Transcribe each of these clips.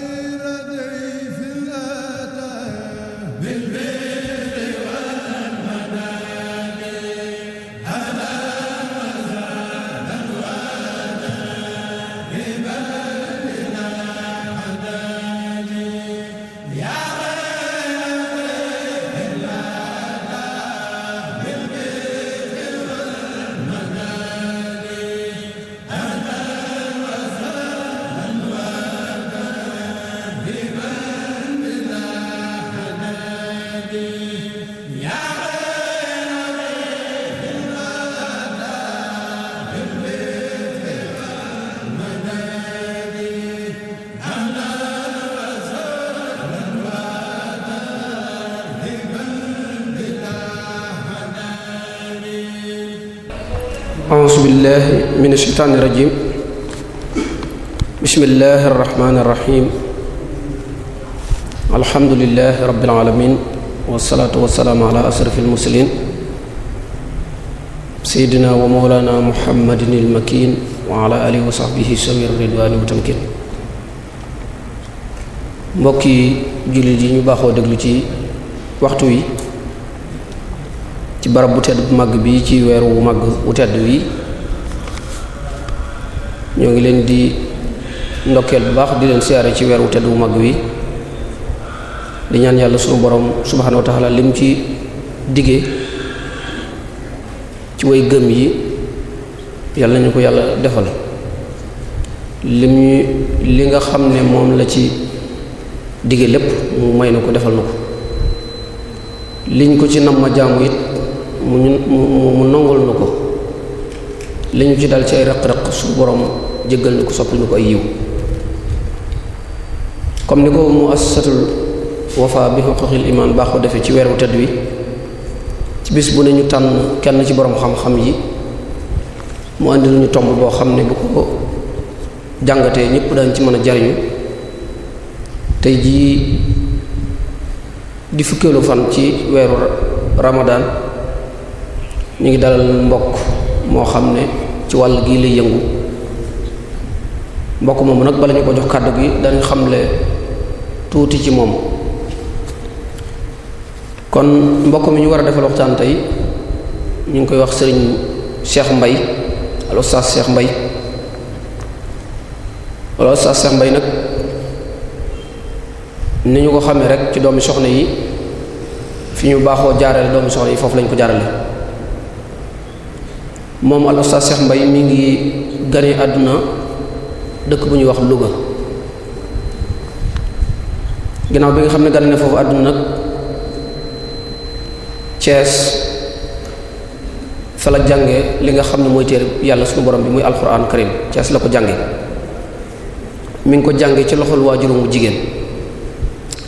خير دين min asheytaani irajim bismillahi arrahmani irrahim alhamdulilahi rabbil alamin wasalaatu wasalaamu ala asrafi almursalin seydina wa mawlana muhammadin ilmakin wa ala alihi wa sahbihi sawir ridwaani wa tamkin mbokki jullit yi ñu baaxoo déglu ci waxtu wi ci barab bu tedd bu màgg bi ci weer wu màgg wu tedd wi ñoo ngi leen di ndokkeel bu baax di leen siyaare ci weer wu tedd wu mag wi di ñaan yàlla sunu borom subhaanahu wa taala lim ci diggee ci way gëm yi yàlla nañu ko yàlla defal lim ñu li nga xam ne moom la ci digge lépp mu may na ko defal na ko liñ ko ci nam ma jaamu it mu mu mu nongul na ko li ñu ci dal ci ay raq-raq su borom jéggal ñu ko soppal ñu ko ay yiw comme ni ko mu assasatul wafa bi xuquqil iman baax ko defee ci weeru tëdd wi ci bis bu ne ñu tànn kenn ci borom xam-xam yi mu indi ñu tomb boo xam ne bu ko jàngatee ñëpp dañ ci mën a jariñu tey jii di fukkeelu fan ci weeru ramadaan ñu ngi dalal mbokk moo xam ne ci wàll gii lay yëngu mbokk moomu nag bala ñu ko jox kàddu gi dañu xamle tuuti ci moom kon mbokk mi ñu war a defal waxtaan tey ñu ngi koy wax sëriñ Cheikh Mbay al Oustaz Cheikh Mbay al Oustaz Cheikh Mbay nag ni ñu ko xamee rek ci doomi soxna yi fi ñu baaxoo jaarale doomi soxna yi foofu lañ ko jaarale moom al Oustaz Mbay mi ngi gane àdduna dëkk bu ñuy wax Louga ginnaaw bi nga xam ne gane na foofu àdduna nag Cees fa la jànge li nga xam ne mooy téere yàlla suñu borom bi muy alquran karim Cees la ko jànge mi ngi ko jànge ci loxol waajur mu jigéen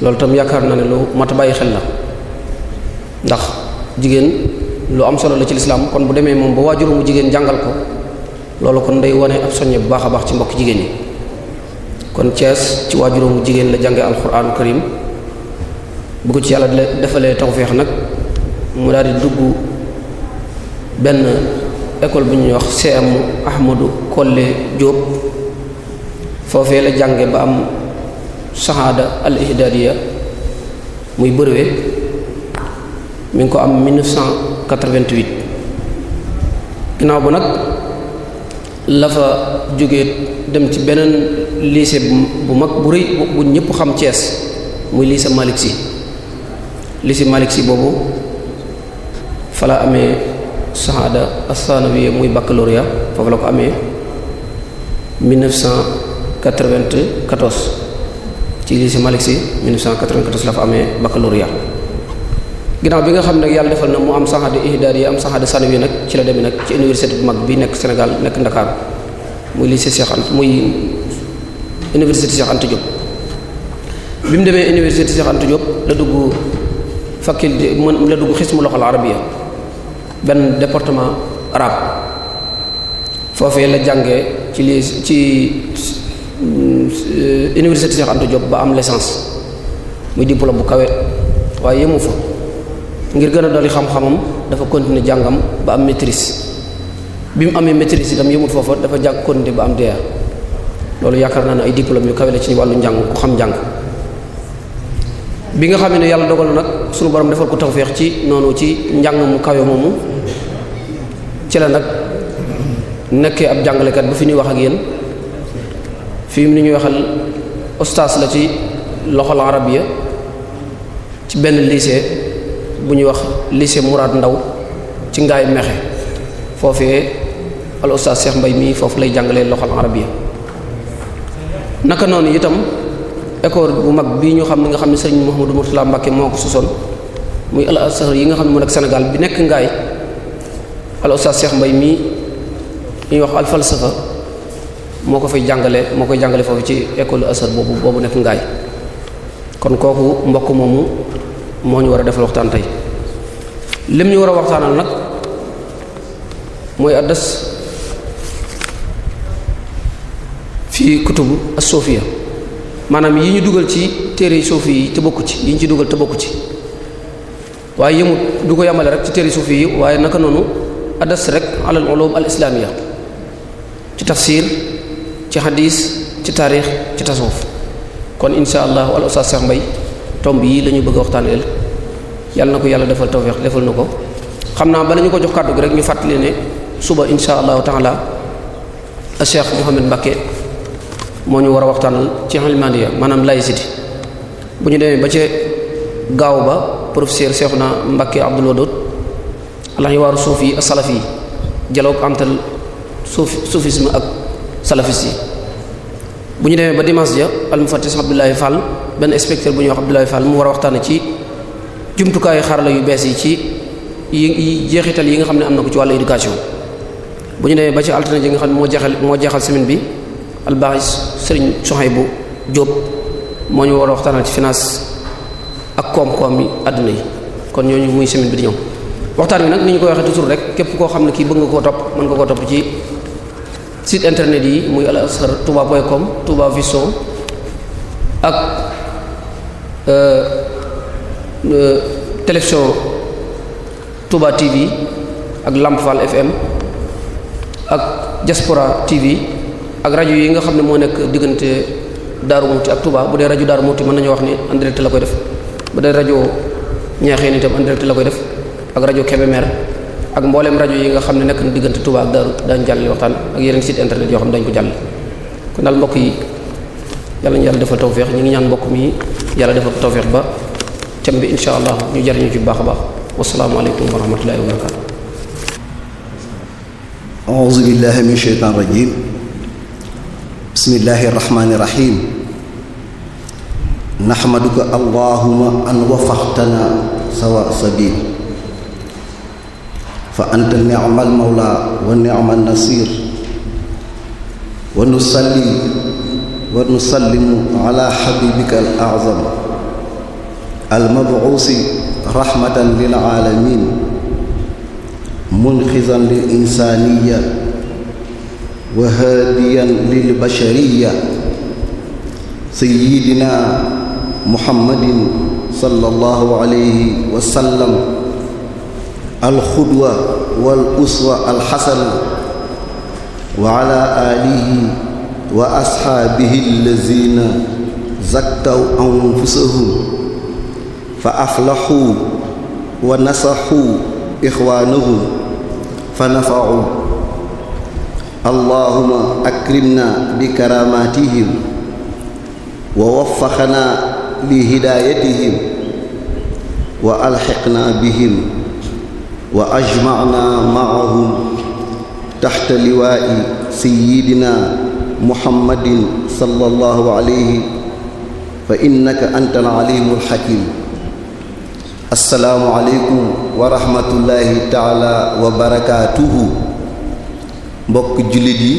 loolu tam yaakaar naa ne lu mat bàyyi xel la ndax jigéen lu am solo la ci lislaam kon bu demee moom ba waajur jigéen jàngal ko loolu kon day wane ab soññe bu baax baax ci mbokk jigéen ñi kon Thiès ci waajuróomu jigéen la jànge alxuraanu karim bu ko ci yàlla defalee tawfeex nag mu daal di dugg benn école bu ñuy wax CM Ahmadou Kolle Diop foofee la jànge ba am sahaada al ihdadiya muy brevet mu ngi ko am 1988 ginnaaw ba nag la fa jógee dem ci beneen lycée bu mag bu rëy bu ñëpp xam Cees muy lycée Malick Sy lycée Malick Sy boobu fa amee amee saxaada athanawiya muy baccalauréat foofu la ko amee 1994 ci lycée Malick Sy 1994 la fa amee baccalauréat ginnaaw bi nga xam ne yàlla defal na mu am saxaada ihdaad yi am saxaada sanawi nag ci la demee nag ci université bu mag bi nekk Sénégal nekk Ndakaaru muy lycée Cheikh Anta muy université Cheikh Anta Diop bi mu demee université Cheikh Anta Diop la dugg faculté la dugg xismu loxol arabiya benn département arabe foofee la jàngee ci li ci euh, université Cheikh Anta ba am licence muy diplôme bu kawe waaye yemu fa ngir gën a dolli xam-xamam dafa continuer jàngam ba am maîtrise bi mu amee maîtrise itam yëmul foofa dafa jàng continuer ba am DEA loolu yaakaar naa ne ay diplôme yu kawe la ci wàllu njàng ku xam njàng bi nga xam ne yàlla dogal nag sunu borom defal ko feex ci noonu ci njàngamu mu kawe moomu ci la nag nekkee ab jàngalekat bu fi ñuy wax ak yéen fii ni ñuy waxal ostaas la ci loxol arabiya ci benn lycée bu ñuy wax lycée Mourad Ndaw ci ngaay mexe foofee al oustaz Cheikh Mbay mii foofu lay jàngalee loxol arabiya naka noonu itam ecole bu mag bii ñu xam ne nga xam ne sëriñ Mouhamadou Mourtala Mbacke moo ko sosoon muy al azhar yi nga xam ne moo nekk Sénégal bi nekk ngaay al oustaz Cheikh Mbay mii ñuy wax al falsafa moo ko fay jàngale moo koy jàngale foofu ci école azhar boobu boobu nekk ngaay kon kooku mbokk moomu moo ñu war a defal waxtaan tey lim ñu war a waxtaanal nag mooy addas fi kutubu as maanaam yi ñu dugal ci téere yi suufi yi te bokk ci yi ñu ci dugal te bokku ci waaye yëmut du ko yamale rek ci téere suufi yi waaye naka noonu addas rek alal ulum al islamiyya ci tafsir ci hadis ci taarix ci tasawuf kon insha allahu al ustaz Cheikh Mbaye tomb yii la ñu bëgg a waxtaaneel yàlla na ko yàlla defal tawfeex defal na ko xam naa bala ñu ko jox kàddu gi rek ñu fàttali ne suba insha allahu taala Cheikh Mouhamed Mbacké moo ñu war a waxtaanal ci Hilmaniya lay siti bu ñu demee ba ci gaaw ba professeur Cheikhouna Mbacké Abdoul Wadoud alax waaru suuf yi ak salaf yi dialogue entre suuf soufisme ak salafis yi bu ñu demee ba dimanche ja al mufattis Abdoulaye benn inspecteur bu ñu wax Abdoulaye Fall mu war a waxtaan ci jumtukaayu xarala yu bees yi ci yi jeexital yi nga xam ne am na ko ci wàll éducation bu ñu demee ba ci alternance yi nga xam ne moo jeexal moo jeexal semaine bi albahis Serigne Souhaïbou Diop moo ñu war a waxtaanal ci finance ak koom-koom yi àdduna yi kon ñooñu muy semaine bi di ñëw waxtaan wi nag ni ñu ko waxee toujours rek képp koo xam ne kii bëgg nga koo topp mën nga koo topp ci site internet yi muy al asr touba.com touba vision ak Euh, euh, télévision Touba TV ak Lamp Fall FM ak Diaspora TV ak rajo yi nga xam ne moo nekk diggante Daaru Muuti ak Touba bu dee rajo Daaru Muuti mën nañoo wax ni en la koy def bu dee rajo Ñaaxeen itam en la koy def ak rajo Kébémer ak mbooleem rajo yi nga xam ne nekk diggante tubaa ak Daaru daañu jàllale waxtaan ak yeneen site internet yoo xam ne dañu ko jàll kon daal mbokk yi yàlla ñu yàlla defal tawfeex ñu ngi ñaan mbokk mi yàlla defal ko tawfeex ba thème bi insha allah ñu jariñu ci baax a baax wasalaamualeykum wa rahmatullahi wa barakatu auzu billahi min shaytaan rajim bismillahi rahmaani rahim nahmaduka allahuma an wafaxtana sawa sabil fa anta ni'mal mawla wa ni'man nasir wa nusalli wa nusallimu ala habibika al a'zam al mab'uusi rahmatan lil alamin munqizan lil insaniya wa haadiyan lil bashariya sayyidina muhammadin sallallahu alayhi wa sallam al xudwa wal uswa al xasan wa ala alihi wa asxaabihi allazina zakkaw anfusahum fa aflaxu wa nasaxu ixwaanahum fa nafaxu allahuma akrimna bi karamatihim wa waffaxna li hidaayatihim wa alxiqna bihim wa ajmacna macahum taxta liwaa'i sayidina muhammadin sallallahu alayhi fa innaka antal alimul hakim assalaamu aleykum wa rahmatullahi taala wa mbokk jullit yi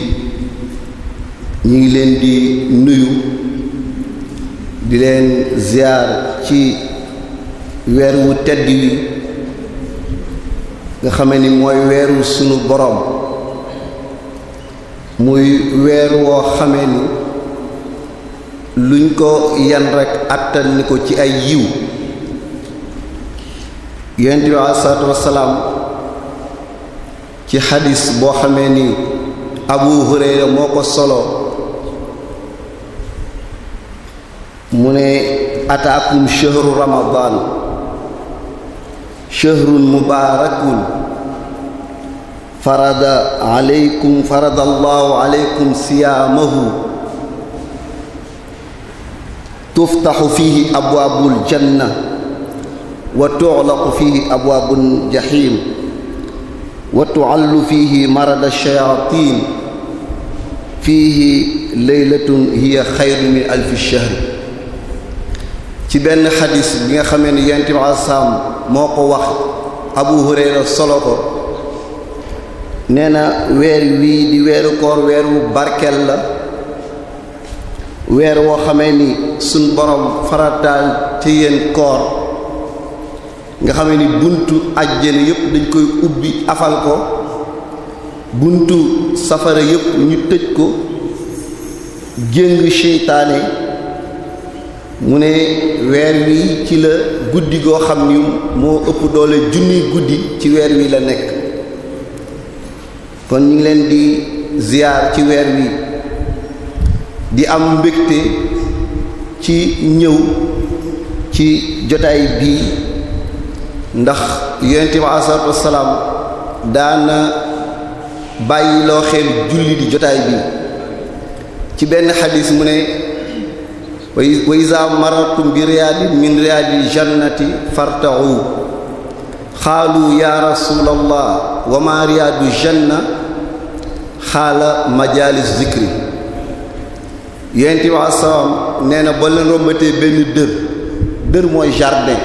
ñu ngi leen di nuyu di leen ziar ci weer wu tedd wi nga xame ni mooy weeru sunu boroom muy weer woo xamee ni luñ ko yan rek attan ni ko ci ay yiw yonent bi salaatu wasalaam ci xadis boo xamee ni Abu Hurayra moo ko solo mu ne ataakum shahru ramadan shahrun mubaarakun farada aleykum farada allahu aleykum siyaamahu tuftaxu fihi abwaabul janna wa tuxlaqu fihi abwaabul jaxiim wa tuxallu fihi marada shayaatiin fihi leylatun hiya xayru min alfi shahri ci benn xadis bi nga xamee ni yonent bi alayhi salaam moo ko wax Abu Hurayra solo ko nee na weer wii di weeru koor weer wu barkeel la weer woo xamee ni suñ borom farataan ci yéen koor nga xamee ni buntu ajjana yépp dañ koy ubbi afal ko buntu safara yépp ñu tëj ko jéngu seytaane mu ne weer wi ci la guddi goo xam ni moo ëpp doole junni guddi ci weer wi la nekk kon ñu ngi leen di ziyaar ci weer wi di am mbégte ci ñëw ci jotaay bii ndax yonente bi alei salatu wasalaam daana bàyyi xel julli di jotaay bi ci benn xadis mu ne wa iza marartum bi riyaadi min riyaadi jannati farta'u xaalu ya rasulallah wa ma riyaadu janna xaala majalis zikri yonent bi asalaam nee na ba leen rombatee benn dër dër mooy jardin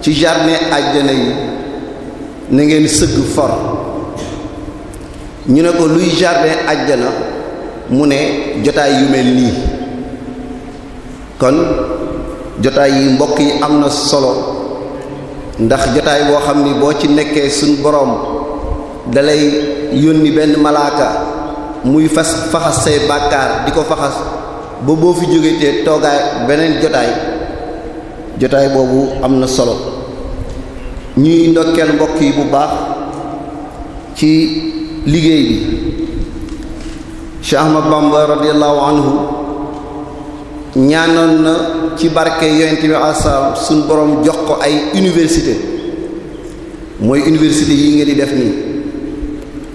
ci jardin àjjana yi na sëgg for ñu ne ko luy jardin àjjana mu ne jotaay yu mel nii kon jotaay yi mbokk yi am na solo ndax jotaay boo xam ni boo ci nekkee suñ boroom dalay yónni benn malaaka muy fas faxas say bàkkaar di ko faxas ba boo fi jógee te beneen jotaay jotaay boobu am na solo ñuy ndokkeel mbokk yi bu baax ci liggéey bi Cheikh Ahmad Bamba radiyallahu anhu ñaanoon na ci barke yonent bi asalaam suñ borom jox ko ay université mooy université yi nga di def nii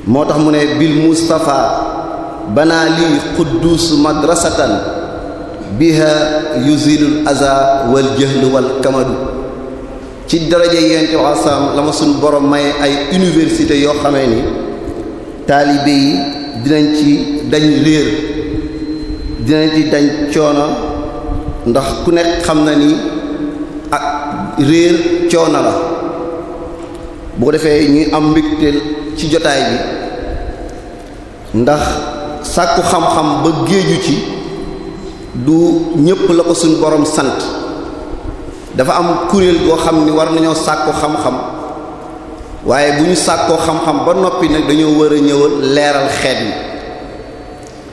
moo tax mu ne bil mustafa banaa lii quddus madrasatan biha yuzilul aza wal jahl wal kamadu ci daraje yente waasam la ma borom may ay université yoo xamee ni taalibe yi dinañ ci dañ réer dinañ ci dañ coono ndax ku nekk xam na ni ak réer coono la boo defee ñuy am mbégteel ci jotaay bi ndax sàkku xam-xam ba géeju ci du ñépp la ko suñ boroom sant dafa am kuréel goo xam ni war nañoo sàkku xam-xam waaye bu ñu sàkkoo xam-xam ba noppi nag dañoo war a ñëwal leeral xeet yi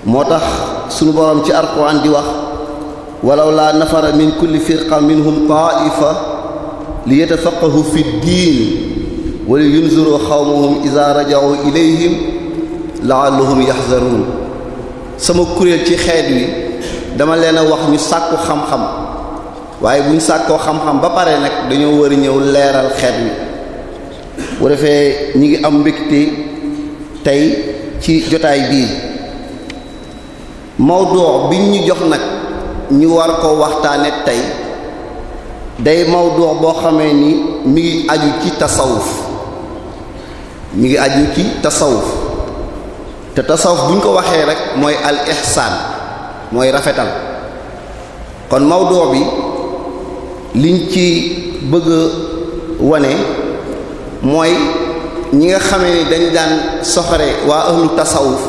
moo tax suñu borom ci alxuraan di wax walaw laa nafara min kulli firqa minhum ta'ifa li yatafaqahu fi diin wala yunzuru xawmahum iza raja'u ilayhim laallahum yahzarun sama kuréel ci xeet yi dama leen a wax ñu sàkku xam-xam waaye bu ñu sàkkoo xam-xam ba pare nag dañoo war a ñëw leeral xeet wi bu defee ñu ngi am mbégte tey ci jotaay bii mawduu bi ñu jox nag ñu war ko waxtaane tey day mawduu boo xamee ni mi ngi aju ci tasawuf mi ngi aju ci tasawuf te tasawuf bu ñu ko waxee rek mooy al mooy rafetal kon mawdoo bi liñ ci bëgg wane mooy ñi nga xamee ni dañ daan soxore waa ahlu tasawuf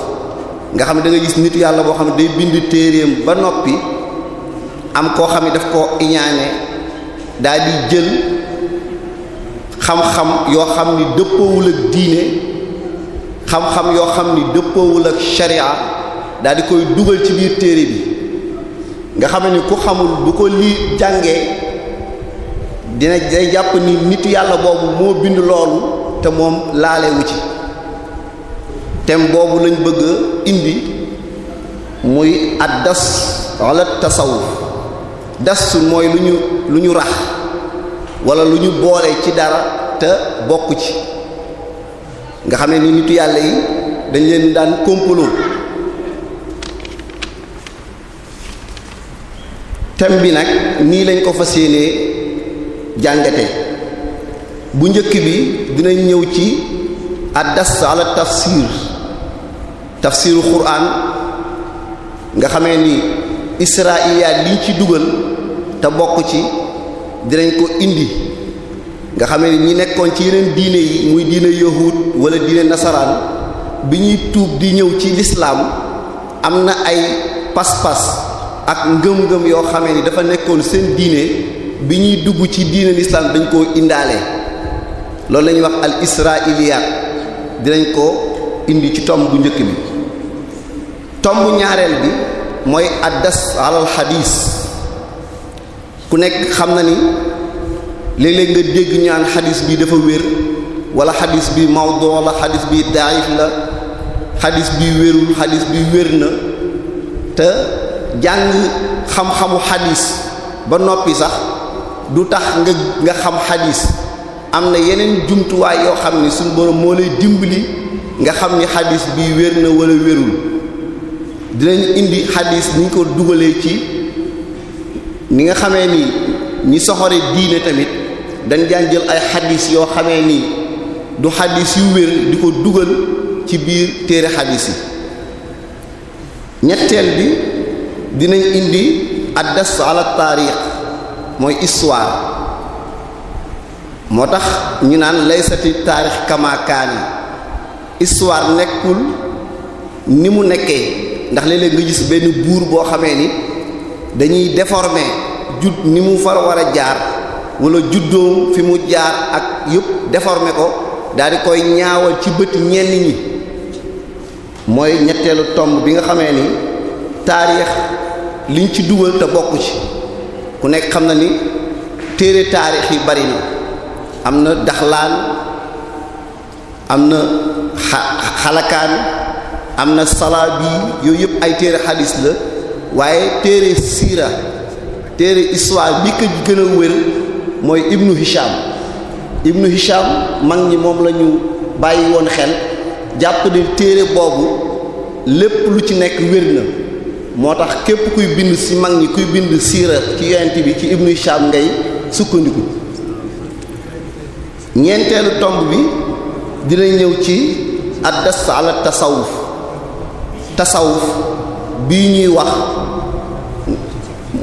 nga xam ne da gis nit yàlla boo xam ne day bind téereem ba noppi am koo xam ne daf koo iñaane daldi jël xam-xam yoo xam ni dëppoowul ak diine xam-xam yoo xam ni dëppoowul ak sharia daal di koy dugal ci biir téere bi nga xam ni ku xamul bu ko lii jàngee dina day jàpp ni nit yàlla boobu moo bind loolu te moom laalewu ci thème boobu lañ bëgg a muy addas wala tasawuf das mooy lu ñu lu ñu rax wala lu ñu boole ci dara te bokk ci nga xam ne ni nitu yàlla yi dañ leen daan complot thème bi nag nii lañ ko fas yéenee jàngate bu njëkk bi dinañ ñëw ci addas ala tafsir tafsiru quran nga xame ni israiliyaat liñ ci dugal te bokk ci dinañ ko indi nga xam ne ñi nekkoon ci yeneen diine yi muy diine yahud wala diine nasaraan bi ñuy tuub di ñëw ci lislaam am na ay pas-pas ak ngëm-ngëm yoo xamee ni dafa nekkoon seen diine bi ñuy dugg ci diine lislaam dañ koo indaale loolu lañuy ñuy wax al israiliyaat dinañ ko indi ci tomb bu njëkk bi tomb ñaareel bi mooy addas alal xadiis ku nekk xam na ni léeg-léeg nga dégg ñaan naan xadis bi dafa wér wala xadis bi mawdoo la xadis bi daif la xadis bi wérul xadis bi wér na te jàng xam-xamu xadis ba noppi sax du tax nga xam xadis am na yeneen jumtuwaay yoo xam ne suñ borom moo lay dimbali nga xam ni xadis bi wér na wala wérul dinañ indi xadis ni ñu ko dugalee ci ni nga xame ni ñi soxore diine tamit dañ daan jël ay xadis yoo xamee ni du xadis yu wér di ko dugal ci biir téere xadis yi ñetteel bi dinañ indi addas ala taarix mooy histoire moo tax ñu naan laysati taarix kamakaani histoire nekkul ni mu nekkee ndax léeg-léeg nga gis benn buur boo xamee ni dañuy deforme jut ni mu far war a jaar wala juddoom fi mu jaar ak yëpp déformé ko daldi koy ñaawal ci bët ñenn ñi mooy ñetteelu tomb bi nga xamee ni taarix liñ ci dugal te bokku ci ku nekk xam na ni téere taarix yi bari na am na daxlaan am na xalakaan am na salaa bi yooyu yëpp ay téere xalis la waaye téere siira téere histoire bi ko gën a wér mooy ibnu hisham ibnu hisham mag ñi moom lañu bàyyi woon xel jàpp téere boobu lépp lu ci nekk wér na moo tax képp kuy bind ci mag ñi kuy bind siira ci yonent bi ci ibnu hisham ngay sukkandiku ñeenteelu tomb bi dina ñëw ci addas ala tasawuf tasawuf bii ñuy wax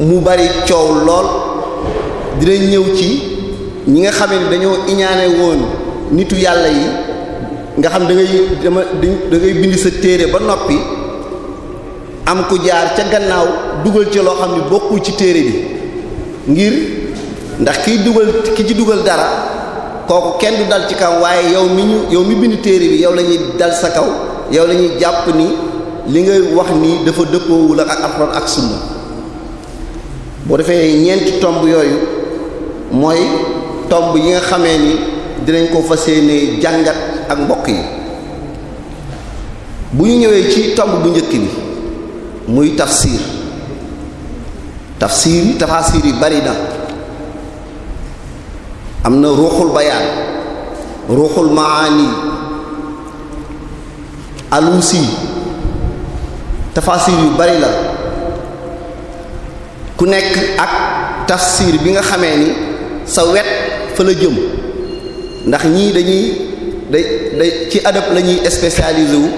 mu bari coow lool dina ñëw ci ñi nga xame ne dañoo iñaane woon nitu yàlla yi nga xam da ngay dama da bind sa téere ba noppi am ku jaar ca gannaaw dugal ci loo xam ne bokkul ci téere bi ngir ndax ki dugal ki ci dugal dara kooku kenn du dal ci kaw waaye yow mi ñu yow mi bind téere bi yow lañuy ñuy dal sa kaw yow lañuy jàpp ni li ngay wax nii dafa dëppoowul ak ak alxuraan ak sunna boo defee ñeenti tomb yooyu mooy tomb yi nga xamee ni dinañ ko fas yéenee jàngat ak mbokk yi bu ñu ñëwee ci tomb bu njëkk bi muy tafsir tafsir yi tafasir yi bari na am na ruuxul bayaan ruuxul maani alusi tafasir yu bari la ku nekk ak tafsir bi nga xamee ni sa wet fa la jëm ndax ñii dañuy day day ci adab la ñuy spécialisé wu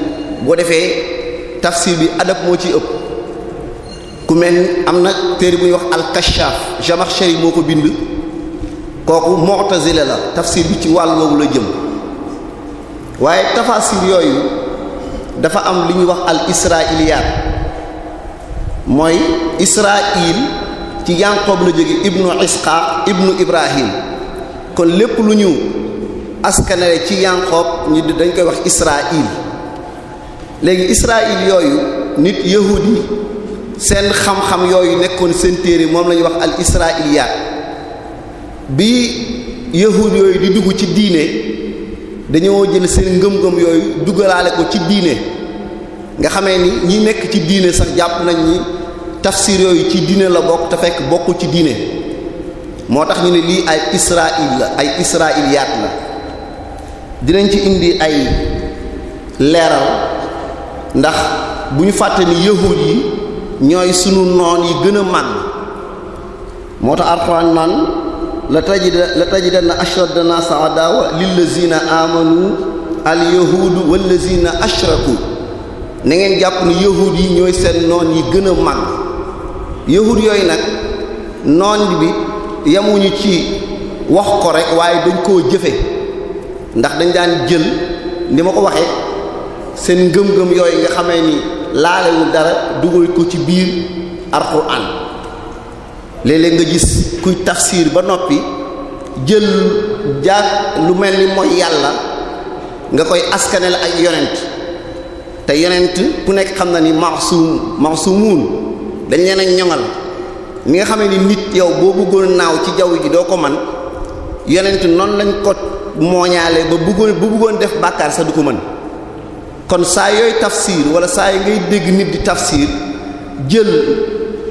boo defee tafsir bi adab moo ciy ëpp ku mel am na téere bu wax al-Kashaf Jamakhshari moo ko bind kooku Mu'tazila la tafsir bi ci wàll woowu la jëm waaye tafasir yooyu dafa am li ñuy wax al-Israiliyat mooy Israil ci Yanqoob la jóge ibnu Isxaaq ibnu Ibrahim kon lépp lu ñu askanale ci Yanqoob ñu dañ koy wax Israil léegi Israil yooyu nit yahud yi seen xam-xam yooyu nekkoon seen téere moom lañuy ñuy wax al israiliyaat bi yahud yooyu di dugg ci diine dañoo jël seen ngëm-ngëm yooyu dugalaale ko ci diine nga xamee ni ñi nekk ci diine sax jàpp nañ ni tafsir yooyu ci diine la bokk te fekk bokkul ci diine moo tax ñu ne lii ay israil la ay israiliyaat la dinañ ci indi ay leeral ndax bu ñu fàtte ni yahuud yi ñooy sunu noon yi gën a màgg moo tax alxuraan naan la tajida la tajidanna ashrada nas adawa lillazina amanu al yahudu wallazina ashraku na ngeen jàpp ni yahuud yi ñooy seen noon yi gën a màgg yahud yooyu nag noon bi yemuñu ci wax ko rek waaye dañ koo jëfe ndax dañ daan jël li ma ko waxee seen ngëm-ngëm yooyu nga xamee ni laalewul dara dugal ci biir alxuraan léeg-léeg nga gis kuy tafsir ba noppi jël jaag lu mel ni mooy yàlla nga koy askanel ak yonent te yonent ku nekk xam na ni maxsuum maxsuumuun dañ leen a ñoŋal ni nga xamee ni nit yow boo bëggoon naaw ci jaww ji doo ko man yonent noonu lañ ko mooñaale ba bëggoon bu bëggoon def bàkkaar sax du ko mën kon saa yooyu tafsir wala saa yi ngay dégg nit di tafsir jël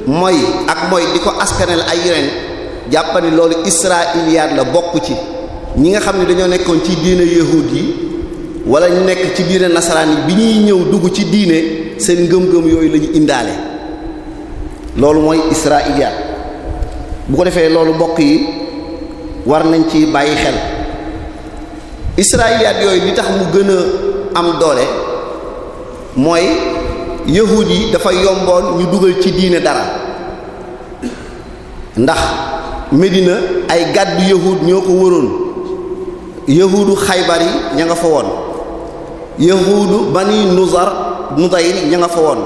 mooy ak mooy di ko askaneel ay yeneen jàppani loolu israiliyaat la bokk ci ñi nga xam ne dañoo nekkoon ci diine yahud yi wala ñu nekk ci diine nasaraan yi bi ñuy ñëw dugg ci diine seen ngëm-ngëm yooyu la indaale loolu mooy israiliyaat bu ko defee loolu mbokk yi war nañ ci bàyyi xel israiliyaat yooyu li tax mu gën a am doole mooy yahuud yi dafa yomboon ñu dugal ci diine dara ndax Medina ay gàdd yahuud ñoo ko wëroon yahuudu xaybar yi ña nga fa woon yahuudu bani nuzar nudayr ña nga fa woon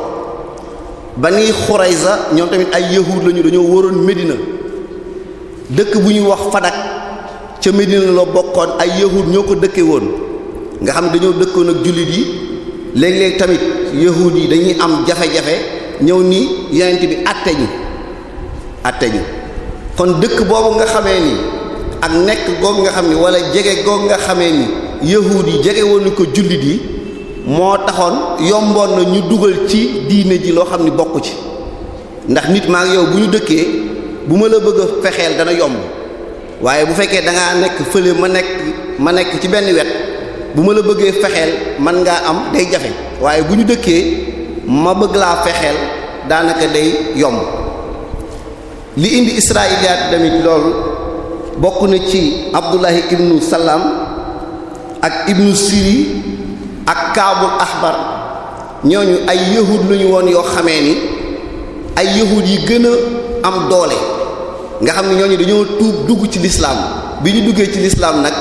bani xurayza ñoom tamit ay yahuud lañu dañoo waroon Medina dëkk bu ñuy wax Fadak ca Medina la bokkoon ay yahuud ñoo ko dëkke woon nga xam ne dañoo dëkkoon ak jullit yi léeg-léeg tamit yahuud yi dañuy am jafe-jafe ñëw ni yonent bi àtte ñu àtte ñu kon dëkk boobu nga xamee ni ak nekk googu nga xam ni wala jege googu nga xamee ni yahuud yi jege woon ni ko jullit yi moo taxoon yomboon na ñu dugal ci diine ji loo xam ne bokk ci ndax nit ma ak yow bu ñu dëkkee bu ma la bëgg a fexeel dana yomb waaye bu fekkee danga ngaa nekk fële ma nekk ma nekk ci benn wet bu ma la bëggee fexeel man ngaa am day jafe waaye bu ñu dëkkee ma bëgg laa fexeel daanaka day yomb li indi israiliyaat tamit loolu bokk na ci Abdullahi ibnu Salam ak ibnu Siri ak kaabul ahbar ñooñu ay yahud lañu woon yoo xamee ni ay yahud yi gën a am doole nga xam ne ñooñu dañoo tuub dugg ci lislaam bi ñu duggee ci lislaam nag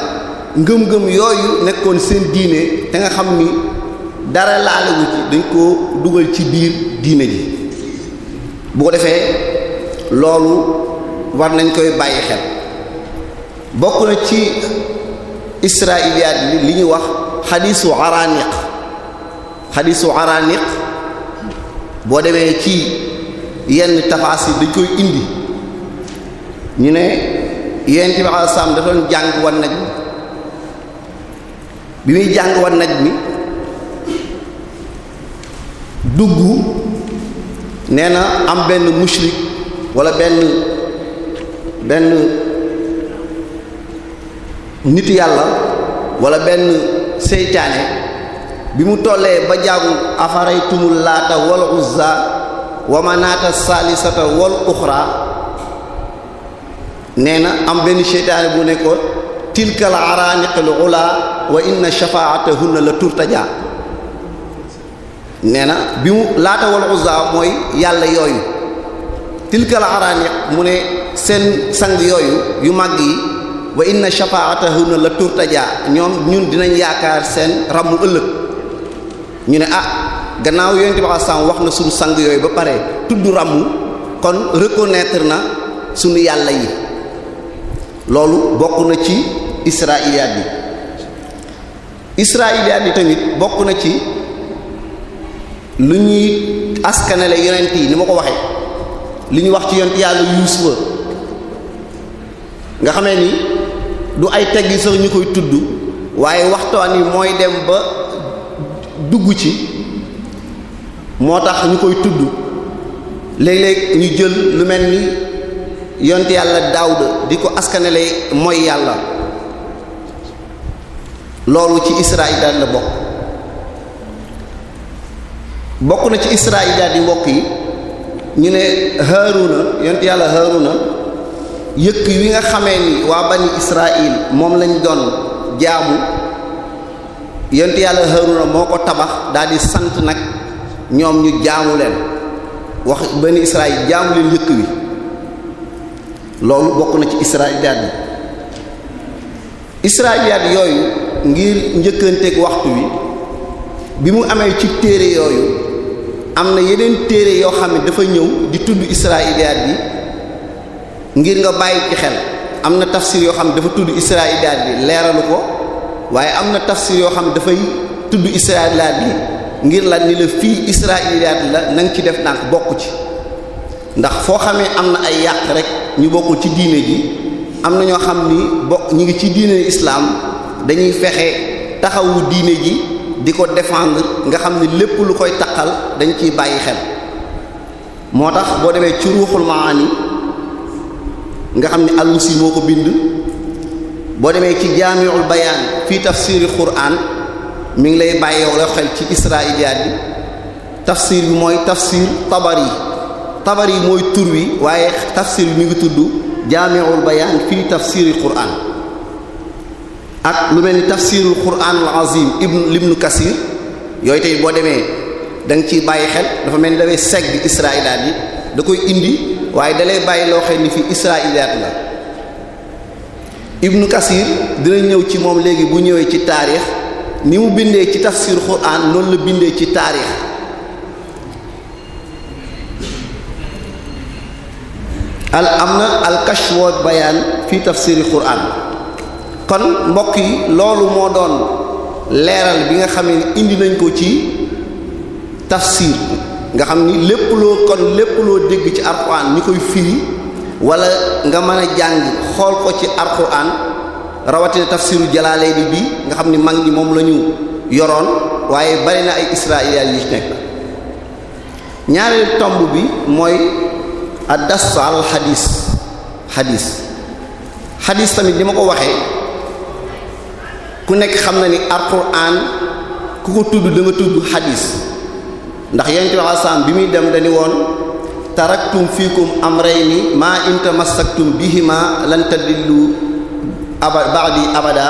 ngëm-ngëm yooyu nekkoon seen diine te nga xam ni dara laalewu ci dañ koo dugal ci biir diine ji boo defee loolu war nañ koy bàyyi xel bokk na ci israiliyaat li ñu wax xadiisu araaniq xadiisu araaniq boo demee ci yenn tabaasi dañ koy indi ñu ne yonent bi alayhi salaam dafa doon jàng wan naj bi muy jàng wan naj mi dugg nee na am benn mushrik walla benn benn nit yàlla wala benn seytaane bi mu tollee ba jàngu afaraytumul laata wal uzza wa manaata saalisata wal uxra nee na am benn seytaane bu nekkoon tilkal araaniqil ula wa inna shafaatahunna la turtaja nee na bi mu laata wal uzza mooy yàlla yooyu tilkal araaniq mu ne seen sang yooyu yu màgg yi wa inna shafaatahuna la turtajaa ñoom ñun dinañ yaakaar seen ramu ëllëg ñu ne ah gannaaw yonent bi sàmm wax na suñu sang yooyu ba pare tudd ramu kon reconnaître na suñu yàlla yi loolu bokk na ci israiliyaat bi israiliyaat bi tamit bokk na ci lu ñuy askanale yonent yi ni ma ko waxee li ñu wax ci yonent yàlla yuusufa nga xamee ni du ay teg yi sax ñu koy tudd waaye waxtaan yi mooy dem ba dugg ci moo tax ñu koy tudd léeg-léeg ñu jël lu mel ni yont yàlla Daawuda di ko askanele mooy yàlla loolu ci israïliat la bokk bokk na ci israïliat yi mbokk yi ñu ne Haaruna yont yàlla Haaruna yëkk wi nga xamee ni waa bani Israël moom lañ doon jaamu yonent yàlla Haruna moo ko tabax daal di sant nag ñoom ñu jaamu leen wax bani Israël jaamu leen yëkk wi loolu bokk na ci israiliyaat yi israiliyaat yooyu ngir njëkkanteeg waxtu wi bi mu amee ci téere yooyu am na yeneen téere yoo xam ne dafa ñëw di tudd israiliyaat bi ngir nga bàyyi ci xel am na tafsir yoo xam dafa tudd israiliyaat bi leeralu ko waaye am na tafsir yoo xam dafay tudd israiliyaat bi ngir la ni la fii israiliyaat la na nga ci def ndànk bokk ci ndax foo xamee am na ay yàq rekk ñu bokkul ci diine ji am na ñoo xam ni bokk ñu ngi ci diine islaam dañuy fexe taxawu diine ji di ko defang nga xam ni lépp lu koy taqal dañ ci bàyyi xel moo tax boo demee ci ruuxul maani nga xam ne Alusi moo ko bind boo demee ci jaamiul bayaan fii tafsiri quran mi ngi lay bàyyi yow la xel ci israiliyaat bi tafsir bi mooy tafsir tabari yi mooy tur wi waaye tafsir bi mi ngi tudd jaamiul bayaan fii tafsiri quran ak lu mel ni tafsirul quran al azim ibn ibnu kasir yooyu tey boo demee danga ciy bàyyi xel dafa mel ni dafay segg israiliyaat yi da koy indi waaye dalay bàyyi loo xam ni fi israiliyaat la ibnu kasir dina ñëw ci moom léegi bu ñëwee ci taarix ni mu bindee ci tafsir quran noonu la bindee ci taarix al am na al kashf wa bayaan fi tafsiri quran kon mbokk yi loolu moo doon leeral bi nga xam indi nañ ko ci tafsir nga xam ni lépp loo kon lépp loo dégg ci alxuraan ñi koy firi walla nga mën a jàng xool ko ci alxuraan rawatina tafsiru jalaalee bi nga xam ni mag ni moom lañu yoroon waaye bari na ay israiliyaat yi ci nekk ñaareel tomb bi mooy addas al xadiis xadiis xadiis tamit ni ma ko waxee ku nekk xam na ni alxuraan ku ko tudd da tudd xadiis ndax yentu asaan bi muy dem dañu woon taraktum fiikum amrayni maa in tamassaktum bihima lan tadillu aba ba'di abada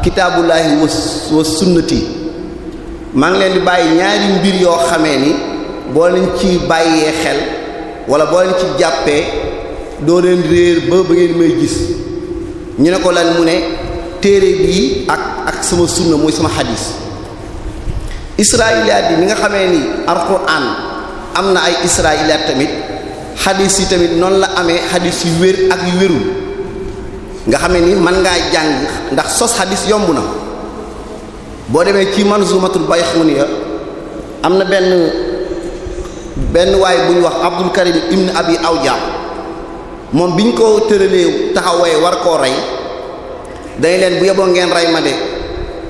kitaabullaahi wa sunnati maa ngi leen di bàyyi ñaari mbir yoo xamee ni boo leen ci bàyyee xel wala boo leen ci jàppee doo leen réer ba ba ngeen may gis ñu ne ko lan mu ne téere gi ak ak sama sunna mooy sama xadiis israiliyaat yi ni nga xamee ni alquran am na ay israiliyaat tamit xadis yi tamit noonu la amee xadis yu wér ak yu wérul nga xamee ni mën ngaa jàng ndax sos xadis yomb na boo demee ci manzumatul bayxuniya am na benn benn waay bu wax abdul karim ibn abi awja moom bi ñu ko tëralee taxawee war koo rey dañ leen bu yeboo ngeen rey ma de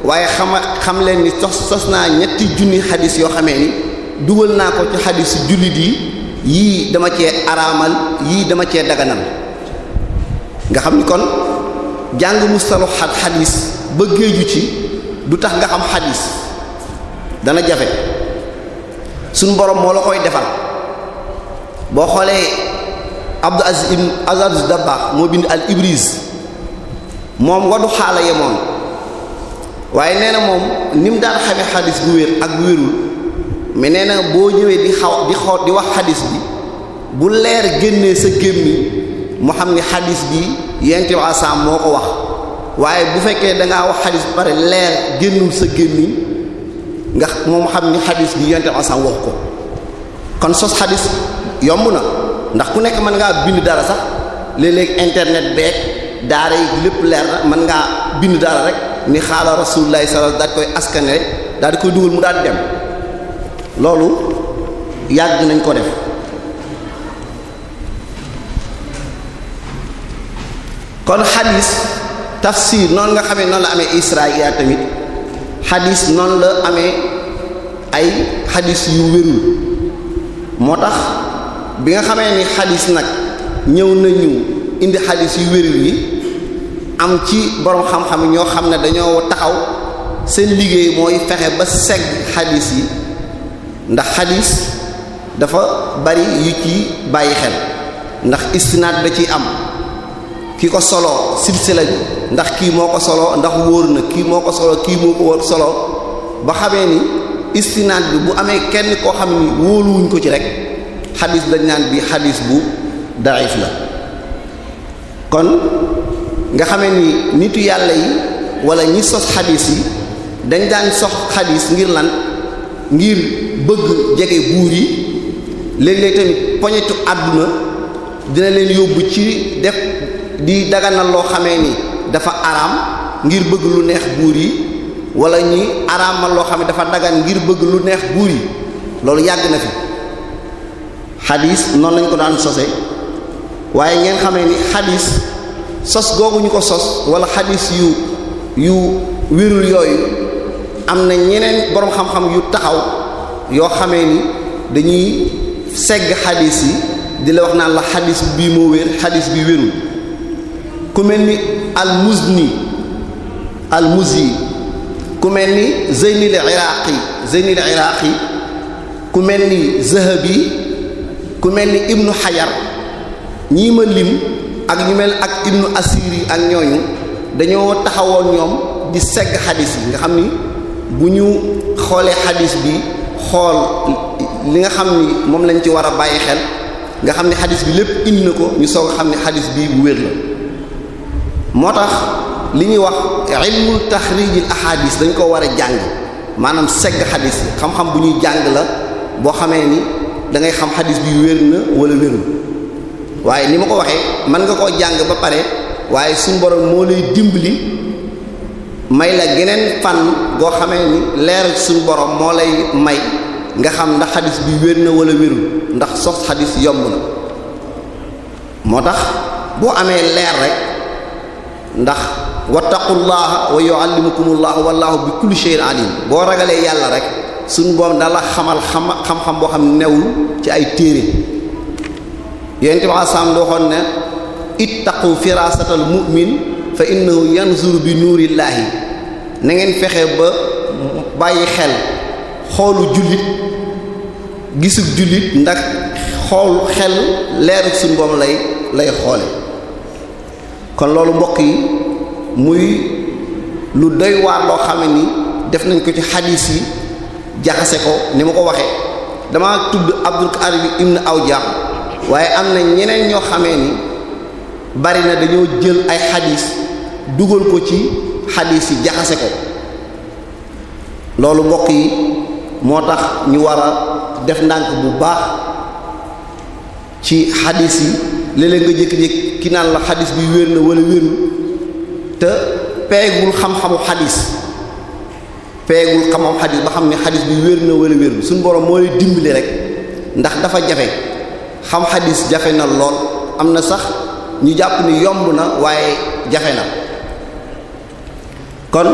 waaye xama xam leen ni sos sos naa ñetti junni xadis yoo xamee ni dugal naa ko ci xadisu jullit yi yii dama cee araamal yii dama cee daganal nga xam ni kon jàng mu salu xat xadis ba géeju ci du tax nga xam xadis dana jafe suñ borom moo la koy defal boo xoolee Abdou Aziz ibn Azad Dabbaax moo bind al Ibriz moom wadu xaala yemoon waaye nee na moom ni mu daan xamee xadis bu wér ak bu wérul mais nee na boo ñëwee di xaw di xaw di wax xadis bi bu leer génnee sa gémmiñ mu xam ni xadis bi yenti waasam moo ko wax waaye bu fekkee dangaa wax xadis bu pare leer génnul sa gémmiñ nga moom xam ni xadis bi yenti waasam wax ko kon sos xadis yomb na ndax ku nekk mën ngaa bind dara sax léeg-léeg internet beeg daara yi lépp leer na mën ngaa bind dara rek ni xaala rasulullahi sallallahu daal di koy askanale daal di koy dugal mu daal dem loolu yàgg nañ ko def kon xadis tafsir noonu nga xamee noonu la amee israiliya tamit xadis noonu la amee ay xadis yu wérul moo tax bi nga xamee ni xadis nag ñëw nañu indi xadis yu wérul yi am ci boroom xam-xam ñoo xam ne dañoo taxaw seen liggéey mooy fexe ba segg xadiis yi ndax xadiis dafa bari yu ci bàyyi xel ndax istinaad da ciy am ki ko soloo silsila bi ndax kii moo ko solo ndax wóor na kii moo ko soloo kii moo ko wóor soloo ba xamee ni istinaad bi bu amee kenn koo xam ni wóoluwuñ ko ci rek xadiis dañ naan bi xadiis bu daif la nga xamee ni nitu yàlla yi wala ñi sos xadis yi dañ daan sox xadis ngir lan ngir bëgg jege buur yi léeg-léeg tamit poñetu àdduna dina leen yóbbu ci def di daganal loo xame ni dafa araam ngir bëgg lu neex buur yi wala ñi araamal loo xam ne dafa dagan ngir bëgg lu neex buur yi loolu yàgg na fi xadis noonu lañ ko daan sose waaye ngeen xamee ni xadis sos googu ñu ko sos wala xadis yu yu wérul yooyu am na ñeneen boroom xam-xam yu taxaw yoo xamee ni dañuy segg xadis yi di la wax naan la xadis bii moo wér xadis bi wérul ku mel ni al-Muzni ku mel ni Zeynil Iraqi Zeynil Iraqi ku mel ni Zahabi ku mel ni Ibnu Xajar ñii ma lim ak ñu mel ak ibnu yi ak ñooñu dañoo taxawoon ñoom di segg xadis bi nga xam ni bu ñu xoolee xadis bi xool li nga xam ni moom lañ ci war a bàyyi xel nga xam ni xadis bi lépp indi na ko ñu soog a xam ni xadis bii bu wér la moo tax li ñuy wax ilmul taxrijil ahadis dañ ko war a jàng maanaam segg xadis yi xam-xam bu ñuy jàng la boo xamee ni dangay ngay xam xadis bi wér na wala wérul waaye ni ma ko waxee mën nga koo jàng ba pare waaye suñu borom moo lay dimbali may la geneen fan goo xamee ni leer suñu borom moo lay may nga xam ndax xadis bi wér na wala wérul ndax sos xadis yomb na moo tax boo amee leer rek ndax wattaqullaha wa yuallimukumullahu wallahu bi kulli shay'in alim boo ragalee yàlla rek suñu borom dala xamal xam xam-xam boo xam newul ci ay téere yonent bi sallallahu alayhi wasallam waxoon ne firasatal mu'min fa yan yanzuru bi nuurillaahi na ngeen fexe ba bàyyi xel xoolu jullit gisug jullit ndax xool xel leerug suñu boom lay lay xoole kon loolu mbokk yi muy lu doy waar loo xame ni def nañ ko ci xadiis yi jaxase ko ni ma ko waxee dama tudd Abdul Karim ibn Awja waaye am na ñeneen ñoo xamee ni bari na dañoo jël ay xadis dugal ko ci xadis yi jaxase ko loolu mbokk yi moo tax ñu war a def ndànk bu baax ci xadis yi léeg-léeg nga jékki-jékki ki naan la xadis bi wér na wala wéru te peegul xam-xamu xadis peegul xam-xamu ba xam ne xadis bi wér na wala wéru suñ borom mooy lay dimbali rek ndax dafa jafe xam xadis jafe na lool am na sax ñu jàpp ni yomb na waaye jafe na kon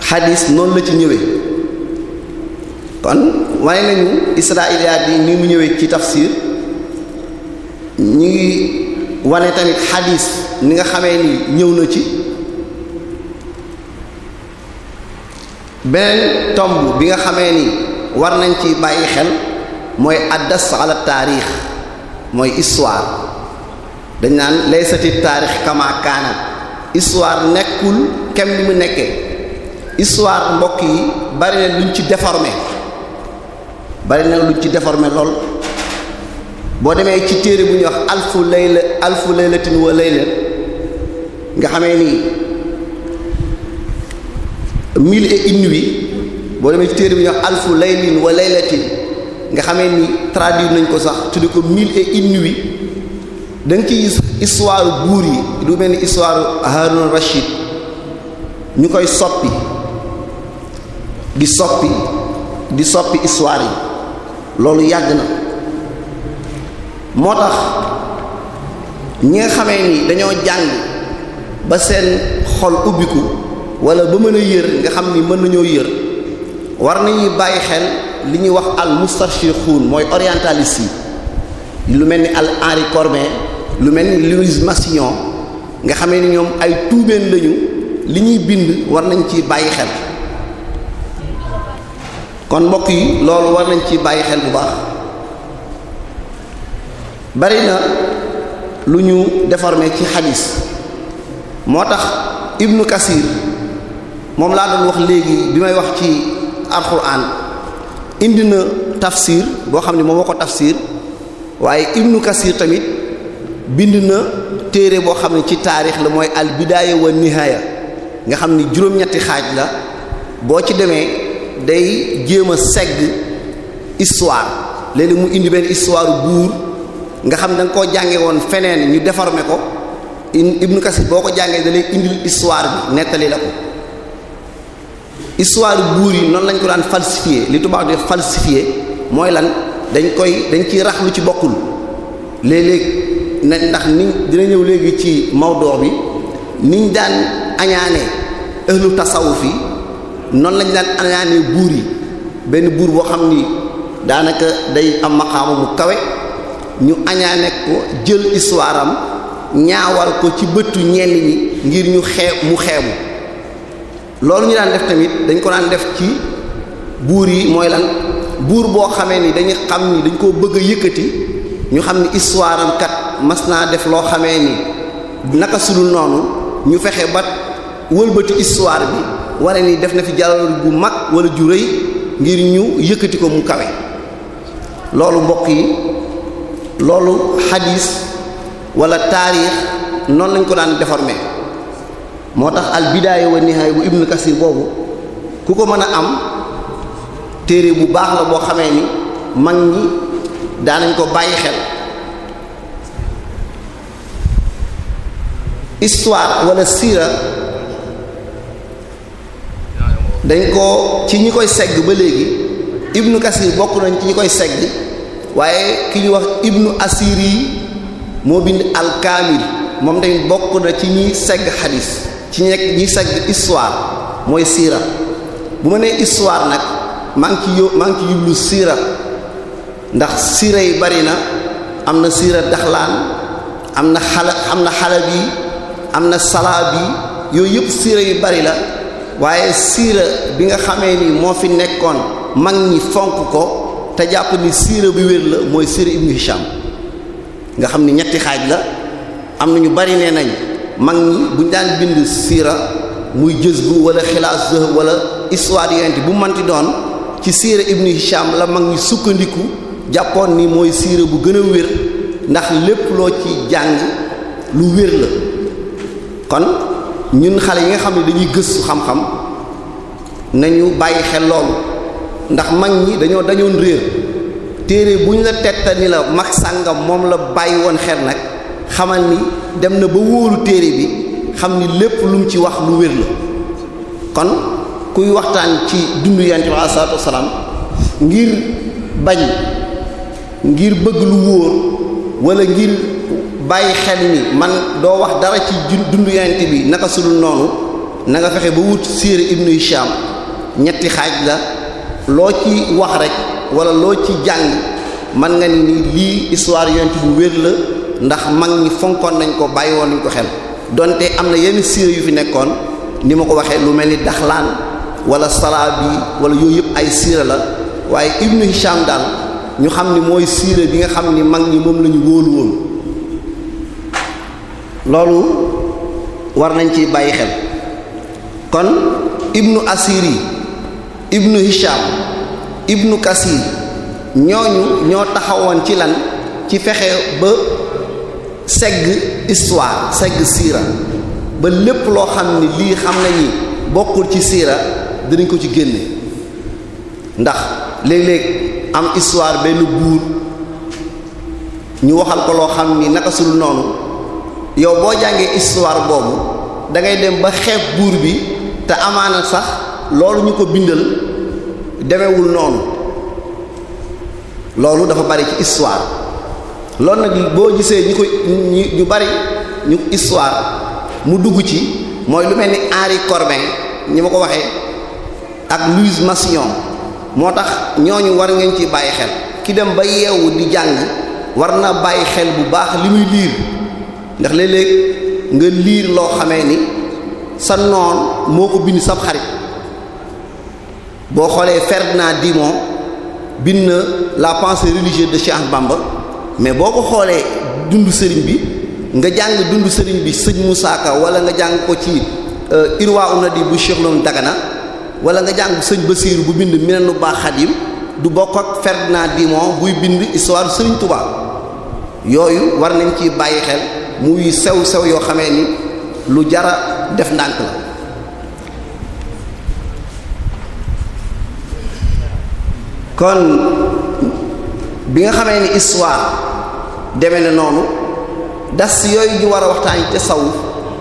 xadis noonu la ci ñëwee kon waaye nañu israiliyaat yi ni mu ñëwee ci tafsir ñu ngi wane tamit xadis ni nga xamee ni ñëw na ci beneen tomb bi nga xamee ni war nañ ci bàyyi xel mooy addas ala taarix mooy histoire dañ naan laysati taarix kama kaana nekkul kem li mu nekkee histoire mbokk yi bari na luñ ci déformé bari na luñ ci déformé lool boo demee ci téere bu ñuy wax alfu layla alfu laylatin wa layla nga xamee ni mille et une nuits boo demee ci téere bu ñuy wax alfu laylin wa laylatin nga xame ni traduire nañ ko sax tuddi ko mille et une nuits da nga ciy buur yi du mel ni histoire Harun Rashid ñu koy soppi di soppi di soppi histoire yi loolu yàgg na moo tax ñi nga xamee ni dañoo jàng ba seen xol ubbiku wala ba mën a yër nga xam ni mën nañoo yër war nañuy bàyyi xel li ñuy wax al mustarchixuun mooy orientaliste yi lu mel ni al Henri Corbin lu mel ni Louis Massignon nga xamee ni ñoom ay tuubeen lañu li ñuy bind war nañ ci bàyyi xel kon mbokk yi loolu war nañ ci bàyyi xel bu baax bari lu ñu déformé ci xadis moo tax ibnu kasir moom laa doon wax léegi bi may wax ci alxuraan indi na tafsir boo xam ne moom moo ko tafsir waaye ibnu kasir tamit bind na téere boo xam ne ci taarix la mooy al bidaaya wa nihaaya nga xam ni juróom-ñetti xaaj la boo ci demee day jéem a segg histoire léegi mu indi benn histoire buur nga xam da nga koo jànge woon feneen ñu déformé ko ibnu kasir boo ko jàngee da indi indil histoire bi nettali la ko histoire buur yi noonu lañ ko daan falsifier li tubaab di falsifier mooy lan dañ koy dañ ciy rax ci bokkul léeg-léeg na ndax ni dina ñëw léegi ci mawdoo bi niñ daan añaane ëllu tasawuf fii noonu lañ daan añaane buur yi benn buur boo xam ni daanaka day am maqaama mu kawe ñu añaane ko jël histoire am ñaawal ko ci bëttu ñenn yi ngir ñu xee mu xeemu loolu ñu daan def tamit dañ ko daan def ci buur yi mooy lan buur boo xamee ni dañu xam ni dañ koo bëgg a yëkkati ñu xam ni histoire am kat mas naa def loo xamee ni naka sudul noonu ñu fexe ba wëlbati histoire bi wala ni def na fi jàllal bu mag wala ju ngir ñu yëkkati ko mu kawe loolu mbokk yi loolu xadiis wala taarix noonu lañ ko daan déformer moo tax al bidaaya wa nihaaya bu ibnu kasir boobu ku ko mën a am téere bu baax la boo xamee ni mag ñi daanañ ko bàyyi xel histoire walla siira dañ ko ci ñi koy segg ba léegi ibnu kasir bokk nañ ci ñi koy segg waaye ki ñu wax ibnu asiri yi moo bind alkaamil moom tamit bokk na ci ñi segg xadis ci ñeg ñi segg histoire mooy siira bu ma nee histoire nag maa ngi ci yób maa yublu siira ndax siira yi bari na am na siira daxlaan am na xala am na xalabi am na salaabi yooyu yëpp siira yu bari la waaye siira bi nga xamee ni moo fi nekkoon mag ñi fonk ko te jàpp ni siira bi wér la mooy siira ibnu Hisham nga xam ni ñetti xaaj la am na ñu bari nee nañ mag ñi buñ daan bind siira muy jës bu wala xilaas wala histoire yonent bu manti doon ci siira ibnu Hisham la mag ñi sukkandiku jàppoon ni mooy siira bu gën a wér ndax lépp loo ci jàng lu wér la kon ñun xale yi nga xam ne dañuy gëstu xam-xam nañu bàyyi xel loolu ndax mag ñi dañoo dañoon réer téere bu ñu la tetta ni la mag sàngam moom la bàyyi woon xel nag xamal ni dem na ba wóoru téere bi xam ni lépp lu mu ci wax lu wér la kon kuy waxtaan ci dundu yonent bi alayhi salaatu ngir bañ ngir bëgg lu wóor wala ngir bàyyi xel ni man doo wax dara ci dundu yonent bi naka sulu noonu na nga fexe ba wut siira ibnu Hisham ñetti xaaj la loo ci wax rek wala loo ci jàng man nga ni lii histoire yonent bu wér la ndax mag ñi fonkoon nañu ko bàyyi woon nañ ko xel donte am na yenn siré yu fi nekkoon ni ma ko waxee lu mel ni daxlaan wala salaabi wala yooyu yëpp ay siré la waaye ibnu hisham daal ñu xam ni mooy siré bi nga xam ni mag ñi moom la ñu wóolu loolu war nañ ci bàyyi xel kon ibnu asiri ibnu hisham ibnu kasir ñooñu ñoo taxawoon ci lan ci fexe ba segg histoire segg siira ba lépp loo xam ni lii xam nañu bokkul ci siira dinañ ko ci génne ndax léeg-léeg am histoire benn buur ñu waxal ko loo xam ni naka sul noonu yow boo jàngee histoire boobu dangay dem ba xeeb buur bi te amaana sax loolu ñu ko bindal demewul noonu loolu dafa bari ci histoire loolu nag boo gisee ñi ko ñu bari ñu histoire mu dugg ci mooy lu mel ni Henri Corbin ñi ma ko waxee ak Louis masiyon moo tax ñooñu war ngeen ci bàyyi xel kii dem ba yeewu di jàng war na bàyyi xel bu baax li muy liir ndax léeg-léeg nga liir loo xamee ni sa noon moo ko bind sab xarit boo xoolee Ferdinand Dimon bind na la pensée religieuse de Cheikh Bamba mais boo ko xoolee dundu sëriñ bi nga jàng dund sëriñ bi sëñ Moussa Ka wala nga jàng ko ci euh, irwaa una di bu Cheikh Lom Dagana wala nga jàng sëñ Basiir bu bind Minanu baax Xadim du bokk ak Ferdinand Dimon buy bind histoire sëriñ Touba yooyu war nañ ci bàyyi xel muy sew sew yoo xamee ni lu jara def ndànk la bi nga xamee ni histoire demee na noonu das yooyu ñu war a waxtaan yi tasawuf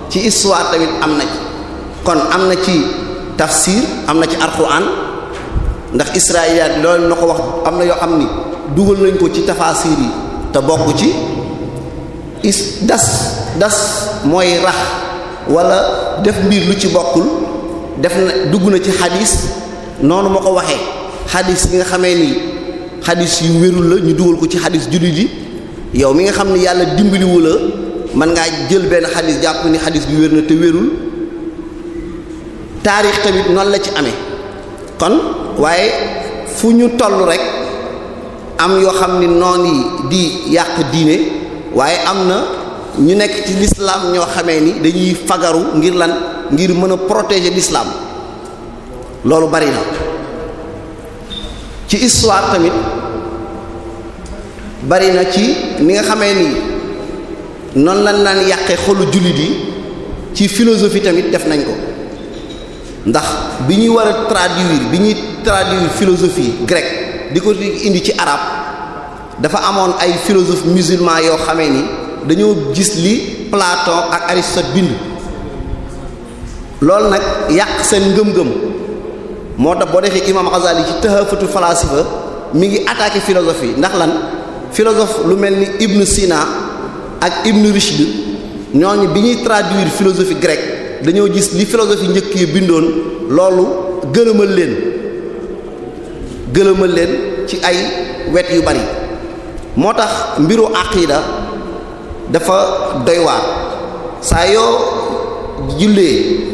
ci histoire tamit am na ci kon am na ci tafsir am na ci alquran ndax israiliyaat loolu na ko wax am na yoo xam ni dugal nañ ko ci tafasir yi te bokku ci is das das mooy rax wala def mbir lu ci bokkul def na dugg na ci xadis noonu ma ko waxee xadis yi nga xamee ni xadis yu wérul la ñu dugal ko ci xadis jullit yi yow mi nga xam ne yàlla dimbaliwu la mën ngaa jël benn xadis jàpp ni xadis bi wér na te wérul taarix tamit noonu la ci amee kon waaye fu ñu toll rek am yoo xam ni noon yi di yàq diine waaye am na ñu nekk ci lislaam ñoo xamee ni dañuy fagaru ngir lan ngir mën a protéger lislaam loolu bari na ci histoire tamit bari na ci ni nga xamee ni noonu lañ naan yàqe xolu jullit yi ci philosophie tamit def nañ ko ndax bi ñuy war a traduire bi ñuy traduire philosophie grecque di ko indi ci arab dafa amoon ay philosophe musulman yoo xamee ni dañoo gis li Platon ak Aristote bind loolu nag yàq seen ngëm-ngëm moo tax boo defee imam Ghazali ci tahafatu falasifa mi ngi attaqué philosophie ndax lan philosophe lu mel ni Ibn Sina ak Ibn Rushd ñooñu bi ñuy traduire philosophie grek dañoo gis li philosophie njëkk yi bindoon loolu gëlëmal leen gëlëmal leen ci ay wet yu bari moo tax mbiru aqida dafa doy waar saa yoo jullee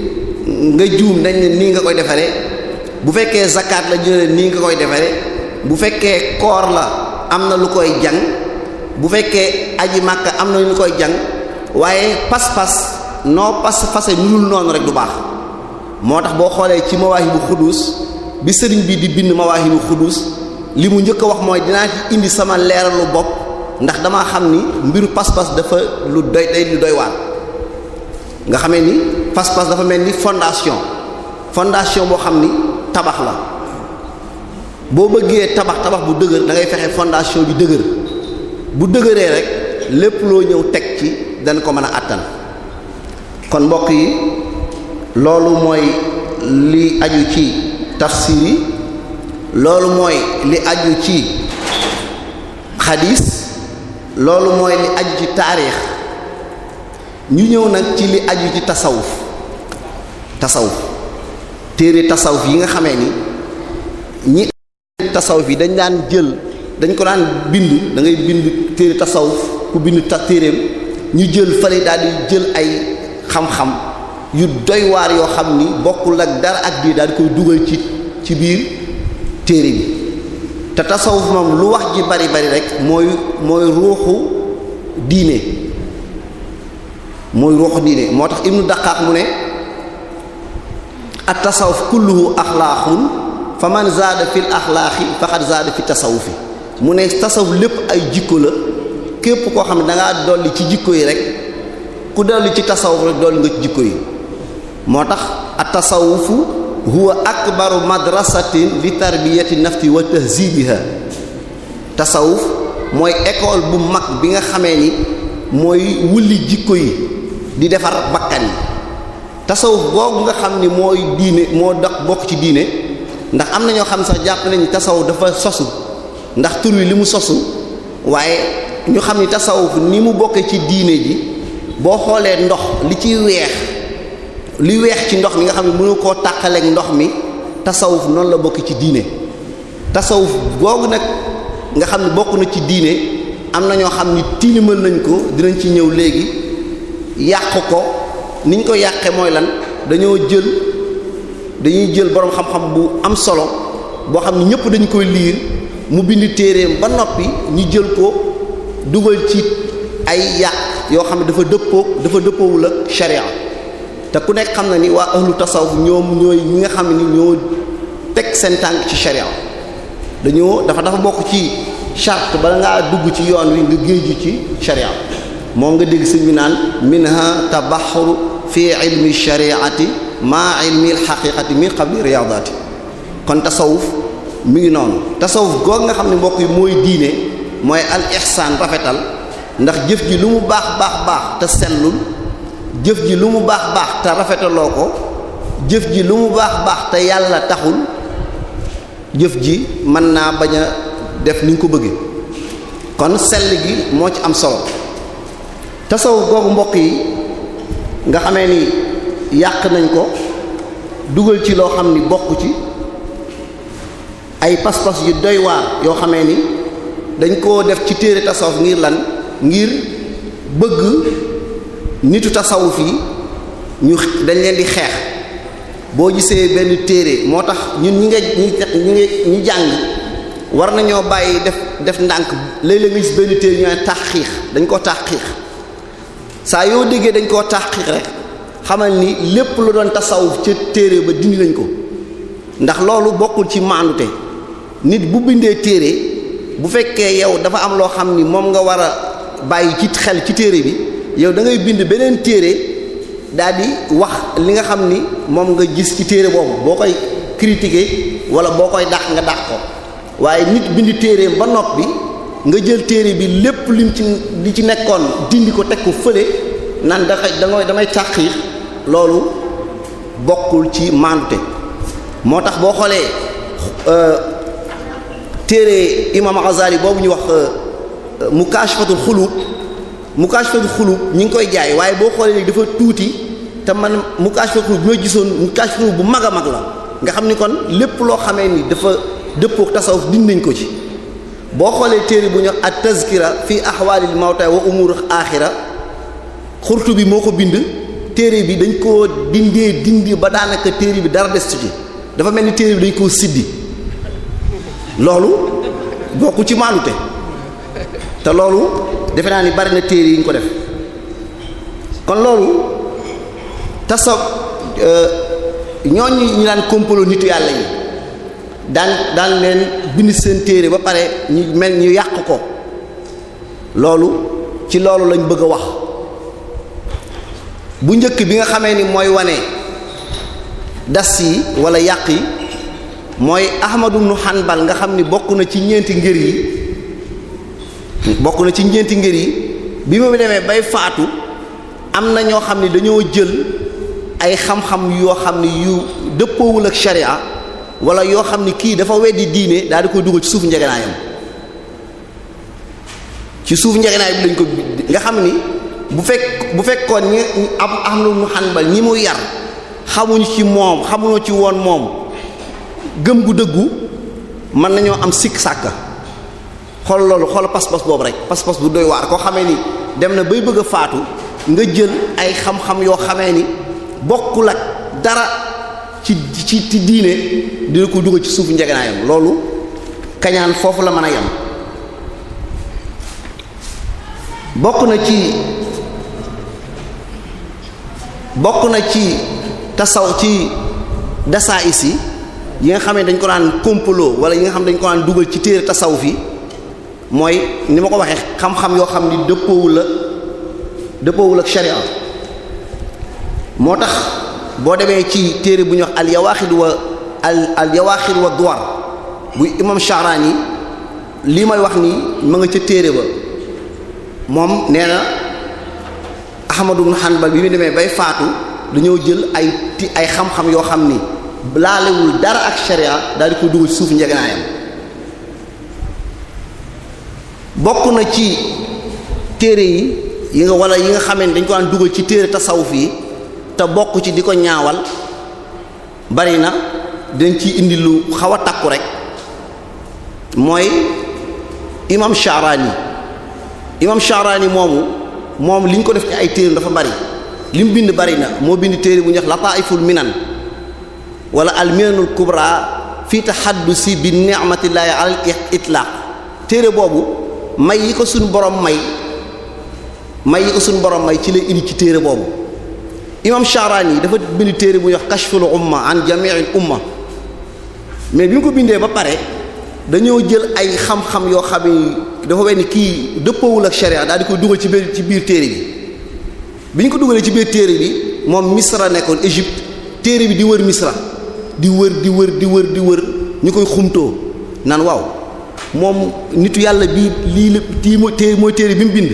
nga juum dañ ne nii nga koy defaree bu fekkee zakat la ñu nii nga koy defaree bu fekkee koor la am na lu koy jàng bu fekkee aji màkka am na lu koy jàng waaye pas-pas noo pas fase nu dul noonu rek du baax moo tax boo xoolee ci mawaahibu xudus bi sëriñ bi di bind mawaahibu xudus li mu njëkk a wax mooy dinaa ci indi sama leeralu bopp ndax damaa xam ni mbiru pas-pas dafa lu doy day lu doy waar nga xame ni pas-pas dafa mel ni fondation fondation boo xam ni tabax la boo bëggee tabax tabax bu dëgër da ngay fexe fondation bi dëgër bu dëgëree rek lépp loo ñëw teg ci dañ ko mën a àttan kon mbokk yi loolu mooy li aju ci tafsir loolu mooy li aju ci xadiis loolu mooy li aju ci taarix ñu ñëw nag ci li aju ci tasawuf tasawuf téere tasawuf yi nga xame ni ñi tasawuf yi dañ daan jël dañ ko daan bind da bind téere tasawuf ku bind ta téereem ñu jël fële daal di jël ay xam-xam yu doy waar yoo xam ni bokkul ak dara ak di daal di koy dugal ci ci biir téere bi te tasawuf moom lu wax ji bari bari rek mooy mooy ruuxu diine mooy ruuxu diine moo tax ibnu daqaaq mu ne at tasawuf kulluhu axlaaqun fa man zaada fil axlaaqi fi tasawufi mu ne tasawuf lépp ay jikko la képp koo xam ne da ngaa dolli ci jikko yi rek ku dolli ci tasawuf rek dolli nga ci jikko yi moo tax at tasawufu huwa akbaru madrasatin li tarbiyati nafsi wa tahzibiha tasawuf mooy école bu mag bi nga xamee ni mooy wulli jikko yi di defar bakkan yi tasawuf googu nga xam ni mooy diine moo dox bokk ci diine ndax am na ñoo xam sax jàpp nañu tasawuf dafa sosu ndax tur li mu sosu waaye ñu xam ni tasawuf ni mu bokkee ci diine ji boo xoolee ndox li ci weex li weex ci ndox mi nga xam ne mënu koo tàqaleek ndox mi tasawuf noonu la bokk ci diine tasawuf googu nag nga xam ne bokk na ci diine am na ñoo xam ni tilimal nañ ko dinañ ci ñëw léegi yàq ko niñ ko yàqee mooy lan dañoo jël dañuy jël boroom xam-xam bu am solo boo xam ne ñëpp dañu koy liir mu bind téereem ba noppi ñu jël ko dugal ci ay yàq yoo xam ne dafa dëppoo dafa dëppoowul ak sharia te ku nekk xam na ni waa ahlu tasawuf ñoom ñooy ñi nga xam ni ñoo teg seen tànk ci sharia dañoo dafa dafa bokk ci charte bala ngaa dugg ci yoon wi nga géeju ci sharia moom nga dégg si bi naan minha tabaxru fi ilmi shariati ma ilmi alxaqiqati min qabli riyaadaati kon tasawuf mi ngi noonu tasawuf goog nga xam ne mbokk yi mooy diine mooy al rafetal ndax jëf ji lu mu baax baax baax te sellul jëf ji lu mu baax baax te rafetaloo ko jëf ji lu mu baax baax te yàlla taxul jëf ji mën naa bañ a def ni ko bëggee kon sell gi moo ci am solo tasawuf googu mbokk yi nga xamee ni yàq nañ ko dugal ci loo xam ni bokk ci ay pas-pas yu doy waar yoo xamee ni dañ koo def ci téere tasawuf ngir lan ngir bëgg nitu tasawuf yi ñu dañ leen di xeex boo gisee benn téere moo tax ñun ñi nga ñi nga ñi jàng war nañoo bàyyi def def ndànk léeg-léeg nga gis benn téere ñu tax xiix dañ koo tax xiix saa yoo déggee dañ koo taxqiq rek xamal ni lépp lu doon tasaw ca téere ba dindi nañ ko ndax loolu bokkul ci maandute nit bu bindee téere bu fekkee yow dafa am loo xam ni moom nga war a bàyyi ci xel ci téere bi yow dangay bind beneen téere daal di wax li nga xam ni moom nga gis ci téere boobu boo koy critiquer wala boo koy dàq nga dàq ko waaye nit bind téereem ba noppi nga jël téere bi lépp lim ci li ci nekkoon dindi ko teg ko fële naan dafay dangay damay càqiir loolu bokkul ci maandute moo tax boo xoolee euh, téere imam Ghazali boobu ñu wax euh, euh, Mukashfatul Xuluub Mukashfatul Xuluub ñu ngi koy jaay waaye boo xoolee dafa tuuti te man Mukashfatul Xuluub bi ma gisoon Mukashfatul Xuluub bu mag a mag la nga xam ni kon lépp loo xamee ni dafa dëppoo tasawuf dindi nañ ko ci boo xoolee téere bu ñu at tazkira fi ahwalil mawta wa umur axira xurtu bi moo ko bind téere bi dañ koo dindee dindi ba daanaka téere bi dara destu ci dafa mel ni téere bi dañ koo siddi loolu bokk ci maanute te loolu defe naa ni bari na téere yi ñu ko def kon loolu taso euh, ñooñu ñu daan komplo nitu yàlla yi daan daan leen bind seen téere ba pare ñu mel ñu yàq ko loolu ci loolu lañ bëgg a wax bu njëkk bi nga xamee ni mooy wane das yi wala yàq yi mooy Ahmadu ibn Hanbal nga xam ni bokk na ci ñeenti ngir yi bokk na ci ñeenti ngir yi bi mu demee bay faatu am na ñoo xam ni dañoo jël ay xam-xam yoo xam ni yu dëppoowul ak sharia wala yoo xam ni kii dafa weddi diine daal di koy dugal ci suuf njegenaayam ci suuf njegenaay bi lañ ko nga xam ni bu fekk bu fekkoon ñi am am na mu xanbal ñi mu yar xamuñu ci moom xamuñu ci woon moom gëm gu dëggu mën nañoo am sikk sàkka xool loolu xool pas-pas boobu rek pas-pas bu doy waar koo xame ni dem na bay bëgg a faatu nga jël ay xam-xam yoo xame ni bokkul ak dara. ci ci ci diine dina ko dugal ci suuf njegenaayam loolu kañaan foofu la mën a yem bokk na ci bokk na ci tasaw ci dasaa isi yi nga xam dañ ko naan complot wala yi nga xam ne dañ ko daan dugal ci téere tasawuf fii mooy ni ma ko waxee xam-xam yoo xam ni dëppoowul la dëppoowul ak sharia moo tax boo demee ci téere bu ñuy wax al yawaaxid wa al al yawaaxid wa duwar bu imam Sha'rani lii may wax nii ma nga ca téere ba moom nee na Ahmadu ibn Hanbal bi mu demee bay faatu dañoo jël ay ti ay xam-xam yoo xam ni laalewul dara ak sharia daal di ko dugal suuf njeganaayam bokk na ci téere yi yi nga wala yi nga xamee dañ ko daan dugal ci téere tasawuf yi te bokk ci di ko ñaawal bari na dañ ci indi lu xaw a takku rek mooy imam Sha'rani imam Sha'rani moomu moom liñ ko def ci ay téere dafa bari li mu bind bari na moo bind téere bu ñuy wax Lataa'iful Minan wala al-Minanul Kubra fi tahaddusi bi ni'matillahi al itlaq téere boobu may yi ko sunu borom may may yi ko suñu borom may ci lay indi ci téere boobu imam Sha'rani yi dafa bind téere bu ñuy wax kashful umma an jami'il umma mais bi mu ko bindee ba pare dañoo jël ay xam-xam yoo xam ni dafa wenn kii dëppoowul ak sharia daal di koy dugal ci biir ci biir téere bi bi ñu ko dugalee ci biir téere bi moom misra nekkoon Égypte téere bi di wër misra di wër di wër di wër di wër ñu koy xumtoo naan waaw moom nit yàlla bi lii la tii mooy téere bi mu bind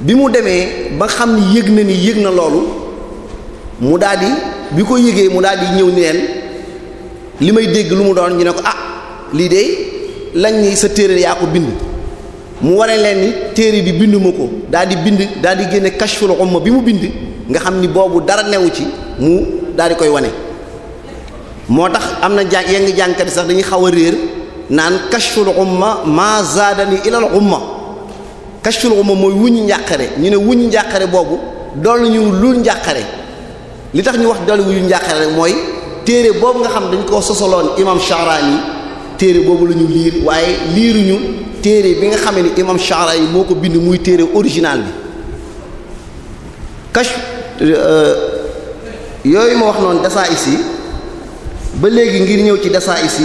bi mu demee ba xam ni yëg na ni yëg na loolu mu daal bi ko yëgee mu daal di ñëw ni leen li may dégg lu mu doon ñu ne ko ah lii de lañ ni sa téere yaa ko bind mu waree leen ni téere bi binduma ko daldi bind daal génne kashful umma bi mu bind nga xam ni boobu dara newu ci mu daal di koy wone moo tax am na jàng yenn jàngkat sax dañuy xaw a réer naan kashful umma ma zaadani ilal umma kashful umma mooy wuñu njàqare ñu ne wuñu njàqare boobu dool ñu lul njàqare li tax ñu wax dal yu ñu rek mooy téere boobu nga xam dañ koo sosaloon imam Sha'rani téere boobu la ñu liir waaye liiruñu téere bi nga xamee ni imam yi moo ko bind muy téere original bi kash euh, yooyu ma wax noonu dasaa isi ba léegi ngir ñëw ci dasaa isi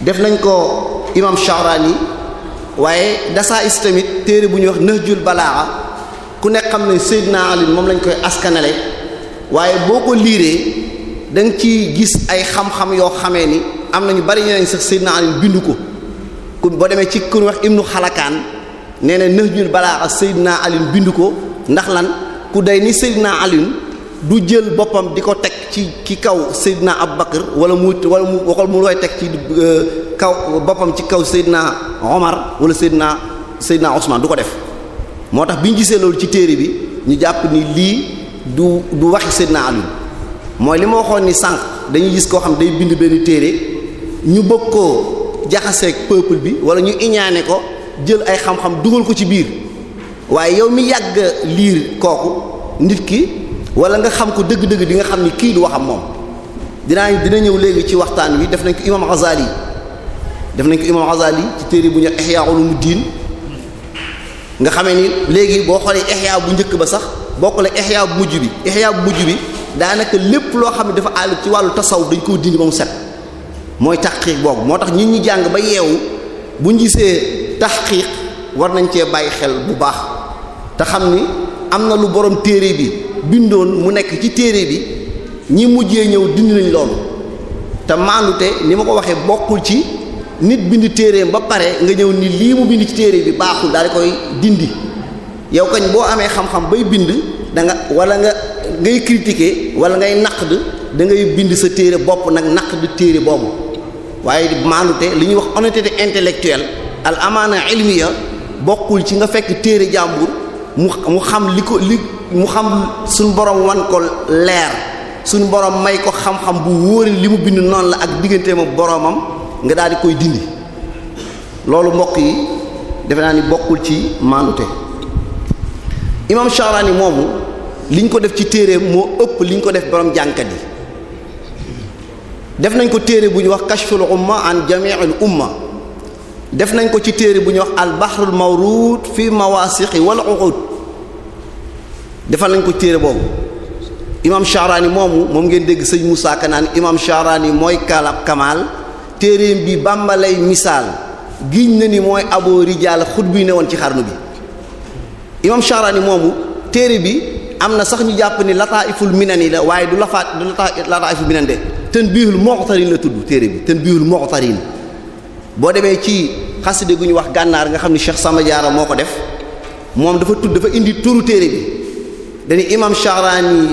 def nañ ko imam yi waaye dasaa isi tamit téere bu ñuy wax Nahjul Balaaxa ku nekk xam ne Seydina Ali moom lañ koy askanale waaye boo ko liiree danga ci gis ay xam-xam yoo xamee ni am na ñu bari ñeneen sax Seydina Ali bindu ko kon boo demee ci ku wax Ibnu Xalakaan nee na Nahjul Balaaxa Seydina Ali bindu ko ndax lan ku day ni Seydina Ali du jël boppam di ko teg ci ki kaw Seydina Abubakar wala mu wala mu waxal mu looy teg ci euh, kaw boppam ci kaw Seydina Omar wala Seydina Seydina Ousmane du ko def moo tax bi ñu gisee loolu ci téere bi ñu jàpp ni lii. du du waxi Seydina Ali mooy li ma waxoon ni sànq dañuy gis koo xam day bind benn téere ñu bëgg koo jaxaseeg peuple bi wala ñu iñaane ko jël ay xam-xam dugal ko ci biir waaye yow mi yàgg liir kooku nit ki wala nga xam ko dëgg-dëgg di nga xam ni kii du waxam moom dinaa dina ñëw léegi ci waxtaan wi def nañ ko imam Ghazali def nañ ko imam Ghazali ci téere bu ñu mu Ulumuddin nga xamee ni léegi boo xoolee Ihya bu njëkk ba sax bokk la ihya bu mujj bi ihya bu mujj bi daanaka lépp loo xam ne dafa àll ci wàllu tasawuf dañ koo dindi ba mu set mooy tax taxqiq boobu moo tax nit ñi jàng ba yeewu buñ gisee tax taxqiq war nañ cee bàyyi xel bu baax te xam ni am na lu borom téere bi bindoon mu nekk ci téere bi ñi mujjee ñëw dindi nañ loolu te maandute ni ma ko waxee bokkul ci nit bind téereem ba pare nga ñëw ni lii mu bind ci téere bi baaxul daal di koy dindi yow kañ boo amee xam-xam bay bind da nga wala nga ngay critiquer wala ngay naq da dangay bind sa téere bopp nag naq naqd téere boobu waaye maanute li ñuy wax honnêteté intellectuelle al amaana ilmiya bokkul ci nga fekk téere jàmbur mu xam li ko li mu xam suñ borom wan ko leer suñ borom may ko xam-xam bu wóori li mu bind noonu la ak digganteem ak boroomam nga daal di koy dindi loolu mbokk yi defe naa ni bokkul ci maanute imam Sharaani moomu liñ ko def ci téere moo ëpp liñ ko def boroom jànkat yi def nañ ko téere bu ñuy wax kashful umma an jami'il umma def nañ ko ci téere bu ñuy wax al bahrul mawrud fi mawasiqi wal uqud defal nañ ko téere boobu imam Sharaani moomu moom ngeen dégg sëñ Moussa Kanaan imam Sharaani mooy kalab Kamal téereem bi Bamba lay misaal giñ na ni mooy abo rijaal xut buy ne woon ci xarnu bi imam Sharani moomu téere bi am na sax ñu jàpp ni Lataiful Minani la waaye du lafaat du Lataiful Minani de Tanbihul Mu'tarin la tudd téere bi moo ko Mu'tarin boo demee ci xaside gu ñu wax gànnaar nga xam ni Cheikh Samba jaaro moo ko def moom dafa tudd dafa indi turu téere bi dañu imam Sharani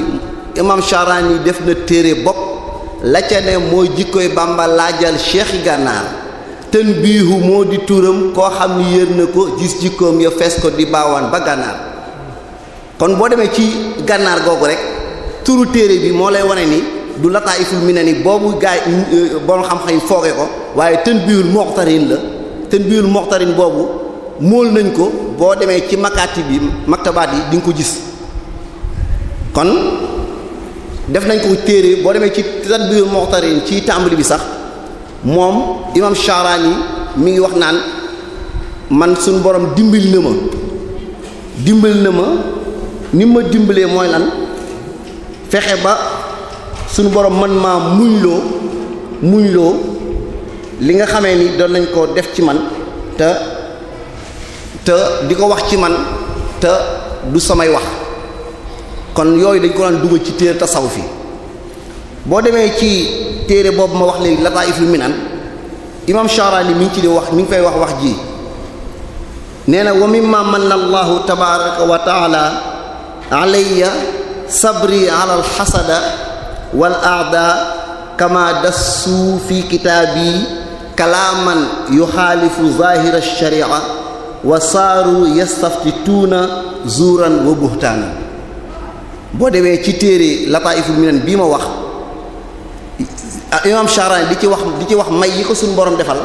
imam Sharani def na téere bopp la ca ne mooy jikkoy Bamba laajal yi gànnaar tën biihu moo di turam koo xam ni yër na ko gis jikkoom ya fees ko di baawaan ba gànnaar kon boo demee ci gànnaar googu rek turu téere bi moo lay wone ni du lataayiful mi na ni boobu gaay euh, boo xam-xam yi fooge ko waaye tën biihul moxtarin la tën biihul moxtarin boobu mool nañ ko boo demee ci makaati bi maktabaat yi di ko gis kon def nañ ko téere boo demee ci tën biihul moxtarin ci tàmbali bi sax moom imam Sharaani mi ngi wax naan man suñ borom dimbali na ma dimbali na ma ni ma dimbalee mooy lan fexe ba suñu borom man maa muñloo muñloo li nga xamee ni doon nañ ko def ci man te te di ko wax ci man te du samay wax kon yooyu dañ ko daan dugal ci téer tasawuf yi boo demee ci téere boobu ma wax léegi Lataa'iful Minan imam Sharaani mi ngi ci di wax mi ngi koy wax wax ji nee na wa man manna allahu tabaraka wa taala alayya sabri ala alxasada wal aada kama dassu fi kitaabi kalaaman yuxaalifu zahira alsharia wa saaru yastaftituuna zuuran wa buhtaanan boo demee ci téere lataiful minan bii ma wax Ah, imam Charani di ci wax di ci wax may yi ko suñu borom defal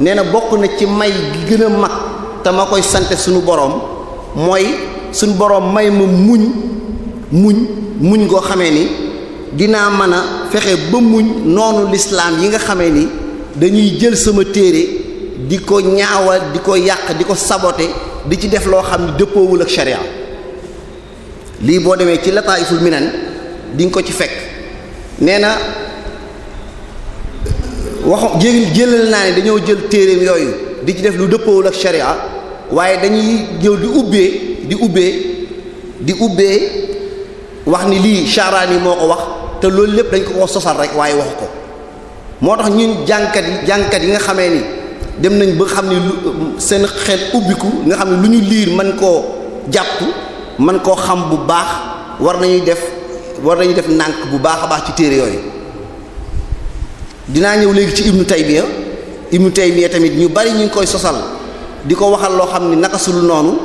nee na bokk na ci may gi gën a mag te ma koy sante suñu boroom mooy suñu boroom may ma muñ muñ muñ goo xamee ni dinaa mën a fexe ba muñ noonu lislaam yi nga xamee ni dañuy jël sama téere di ko ñaawal di ko yàq di ko sabote di ci def loo xam ne dëppoowul ak sharia lii boo demee ci lataaiful minan di nga ko ci fekk nee na waxu jé jëlal naa ni dañoo jël téereem yooyu di ci def lu dëppoowul ak sharia waaye dañuy ñëw di ubbee di ubbee di ubbee wax ni lii Sharaani moo ko wax te loolu lépp dañ ko ko sosal rek waaye wax ko moo tax ñun jànkat yi jànkat yi nga xamee ni dem nañ ba xam ne lu seen xel ubbiku nga xam ne lu ñu liir man koo jàpp man koo xam bu baax war nañuy def war nañuy def nànk bu baax a baax ci téere yooyu dinaa ñëw léegi ci ibnu taymiya ibnu taymiya tamit ñu bari ñu ngi koy sosal di ko waxal loo xam ne naka sul noonu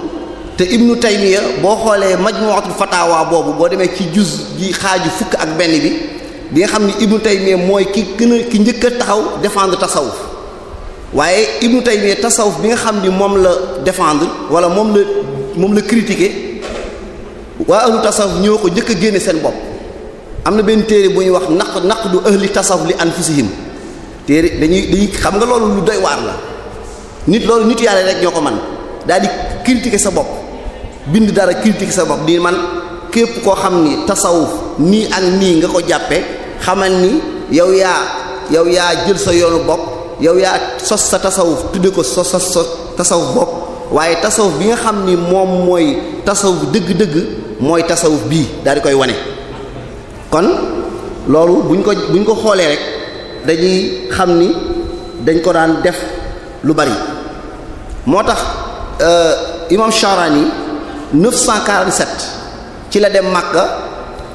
te ibnu taymiya boo xoolee majmu'atul fataawaa boobu boo demee ci juz ji xaaju fukk ak benn bi bi nga xam ne ibnu taymiya mooy ki gën a ki njëkk a taxaw défendre tasawuf waaye ibnu taymiya tasawuf bi nga xam ni moom la defande wala moom la moom la critiquer waa ahlu tasawuf ñoo ko njëkk a génne seen bopp am na benn téere bu ñuy wax naq naq du ahli tasawuf li anfusihim téere dañuy dañuy xam nga loolu lu doy waar la nit loolu nit yàlla rek ñoo ko man daal di critiquer sa bopp bind dara critiquer sa bopp di man képp koo xam ni tasawuf nii ak nii nga ko jàppe xamal ni yow yaa yow yaa jël sa yoonu bopp yow yaa sos sa tasawuf tudde ko sos sa sos tasawuf bopp waaye tasawuf bi nga xam ni moom mooy tasawuf dëgg-dëgg mooy tasawuf bii daal di koy wane kon loolu buñ ko buñ ko xoolee rek dañuy xam ni dañ ko daan def lu bari moo tax euh, imam Sharani 947 ci la dem Makka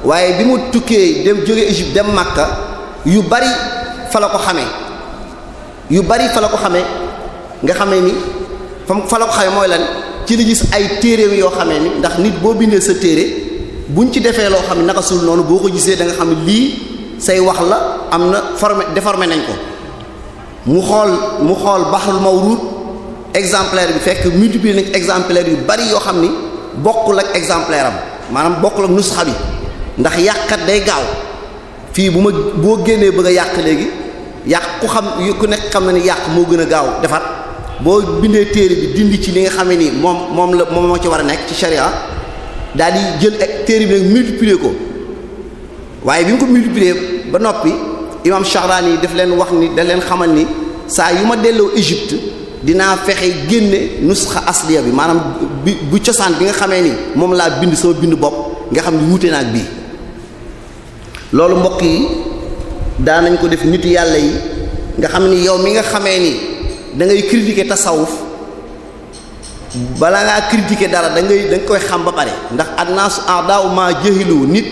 waaye bi mu tukkee dem jóge Égypte dem Makka yu bari fa la ko xamee yu bari fa la ko xamee nga xamee ni fa fa la ko xamee mooy lan ci li gis ay téere yoo xamee ni ndax nit boo bindee sa téere buñ ci defee loo xam ne naka sul noonu boo ko gisee danga xam ne lii say wax la am na formé déformé nañ ko mu xool mu xool ma mawrud exemplaire bi fekk multiplier nañ exemplaire yu bari yoo xam ni bokkul ak exemplaire am maanaam bokkul ak nusxa yi ndax yàqkat day gaaw fii bu ma boo génnee bëgg a yàq léegi yàq ku xam ku nekk xam na ni yàq moo gën a gaaw defar boo bindee téere bi dindi ci li nga xam ni moom moom la moom moo ci war a nekk ci sharia daal di jël ak téere bi nag multiplier ko waaye bi mu ko multiplier ba noppi imam Shahrani daf leen wax ni daf leen xamal ni saa yu ma delloo Égypte dinaa fexe génne nusxa asliya bi maanaam bi bu cosaan bi nga xamee ni moom laa bind sama bind bopp nga xam ni wuute na ak bii loolu mbokk yi daanañ ko def nit yàlla yi nga xam ni yow mi nga xamee ni da ngay critiquer tasawuf bala ngaa critiquer dara da ngay da koy xam ba pare ndax annaasu a'daa'u maa jahilu nit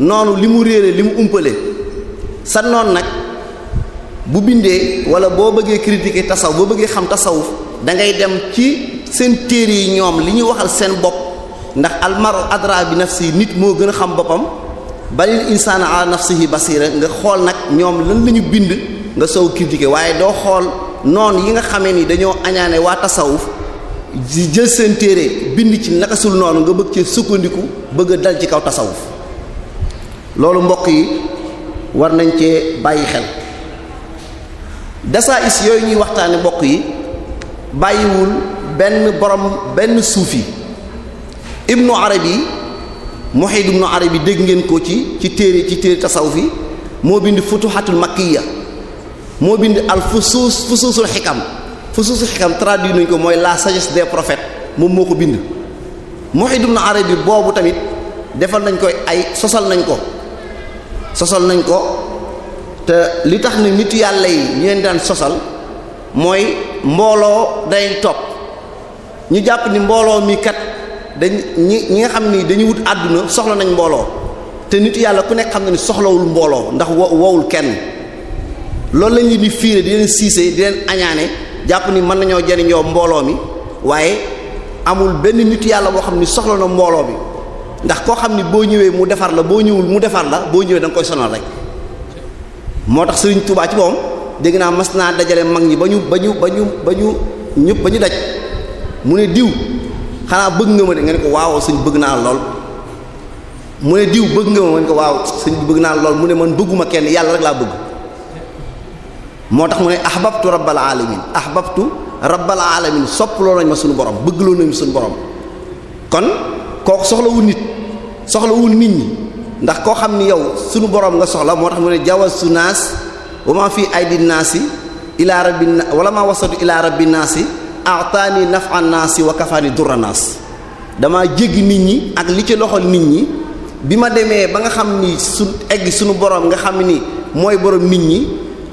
noonu li mu réere li mu umpale sa noon nag bu bindee wala boo bëggee critiquer tasaw boo bëggee xam tasawuf da ngay dem ci seen téere yi ñoom li ñuy waxal seen bopp ndax almaru adra bi nafsi nit moo gën a xam boppam balil insaana ala nafsihi basira nga xool nag ñoom lan la ñu bind nga sow critiquer waaye doo xool noonu yi nga xamee ni dañoo añaane waa tasawuf jël seen téere bind ci naka noonu nga bëgg ci sukkandiku bëgg a dal ci kaw tasawuf loolu mbokk yi war nañ cee bàyyi xel dasa is yooyu ñuy waxtaane mbokk yi bàyyiwul benn borom benn suufi ibnu arabi muhid ibnu arabi dégg ngeen ko ci ci téere ci téere tasawuf yi moo bind futuhatul ya moo bind al fusuus fusuusul xikam fa suuf si xikam traduit nañ ko mooy la sagesse des prophètes moom moo ko bind Muhyiddin Arabi boobu tamit defal nañ ko ay sosal nañ ko sosal nañ ko te li tax na nitu yàlla yi ñu leen daan sosal mooy mbooloo day topp ñu jàpp ni mbooloo mii kat dañ ñi ñi nga xam ni dañuy wut àdduna soxla nañ mbooloo te nitu yàlla ku nekk xam na ni soxlawul mbooloo ndax wo wowul kenn loolu lañ leen di fiire di leen siise di leen añaane jàpp ni mën nañoo jariñoo mbooloo mi waaye amul benn nit yàlla boo xam ni soxla na mbooloo bi ndax koo xam ni boo ñëwee mu defar la boo ñëwul mu defar la boo ñëwee da nga koy sonal rek moo tax Serigne Touba ci moom dégg naa mas naa dajale mag ñi ba ñu ba ñu ba ñu ñëpp ba ñu daj mu ne diw xanaa bëgg nga ma de nga ne ko waaw sëñ bëgg naa lool mu ne diw bëgg nga ma nga ne ko waaw sëñ bëgg naa lool mu ne man bëgguma kenn yàlla rek laa bëgg. moo tax mu ne ahbabtu rabbal alamin ahbabtu rabbal alamin soppaloo nañ ma suñu borom bëggloo nañ ma suñu borom kon kooku soxlawul nit soxlawul nit ñi ndax koo xam ni yow suñu borom nga soxla moo tax mu ne jawasu naas wa ma fi aydi naasi ila rabbi wala ma wasatu ila rabbi naasi ataani nafa naasi wa kafaani durra naas dama jéggi nit ñi ak li ci loxol nit ñi bi ma demee ba nga xam ni su egg suñu borom nga xam ni mooy borom nit ñi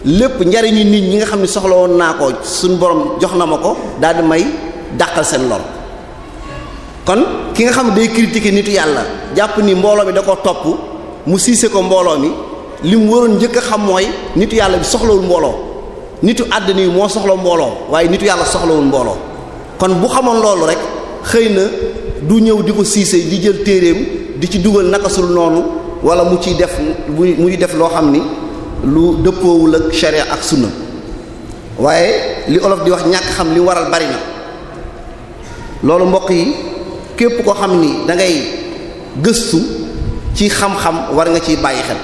lépp njariñu nit ñi nga xam ne soxla woon naa ko suñu boroom jox na ma ko daal di may dàqal seen lor kon ki nga xam ne day critiquer nitu yàlla jàpp ni mbooloo mi da ko topp mu siise ko mbooloo mi li mu waroon njëkk a xam mooy nitu yàlla bi soxlawul mbooloo nitu àddina yi moo soxla mbooloo waaye nitu yàlla soxlawul mbooloo kon bu xamoon loolu rek xëy na du ñëw di ko siise di jël téereem di ci dugal naka sul noonu wala mu ciy def muy def loo xam ni lu dëppoowul ak sharia ak sunna waaye li olof di wax ñàkk xam li waral bari na loolu mbokk yi képp koo xam ni dangay ngay gëstu ci xam-xam war nga ci bàyyi xel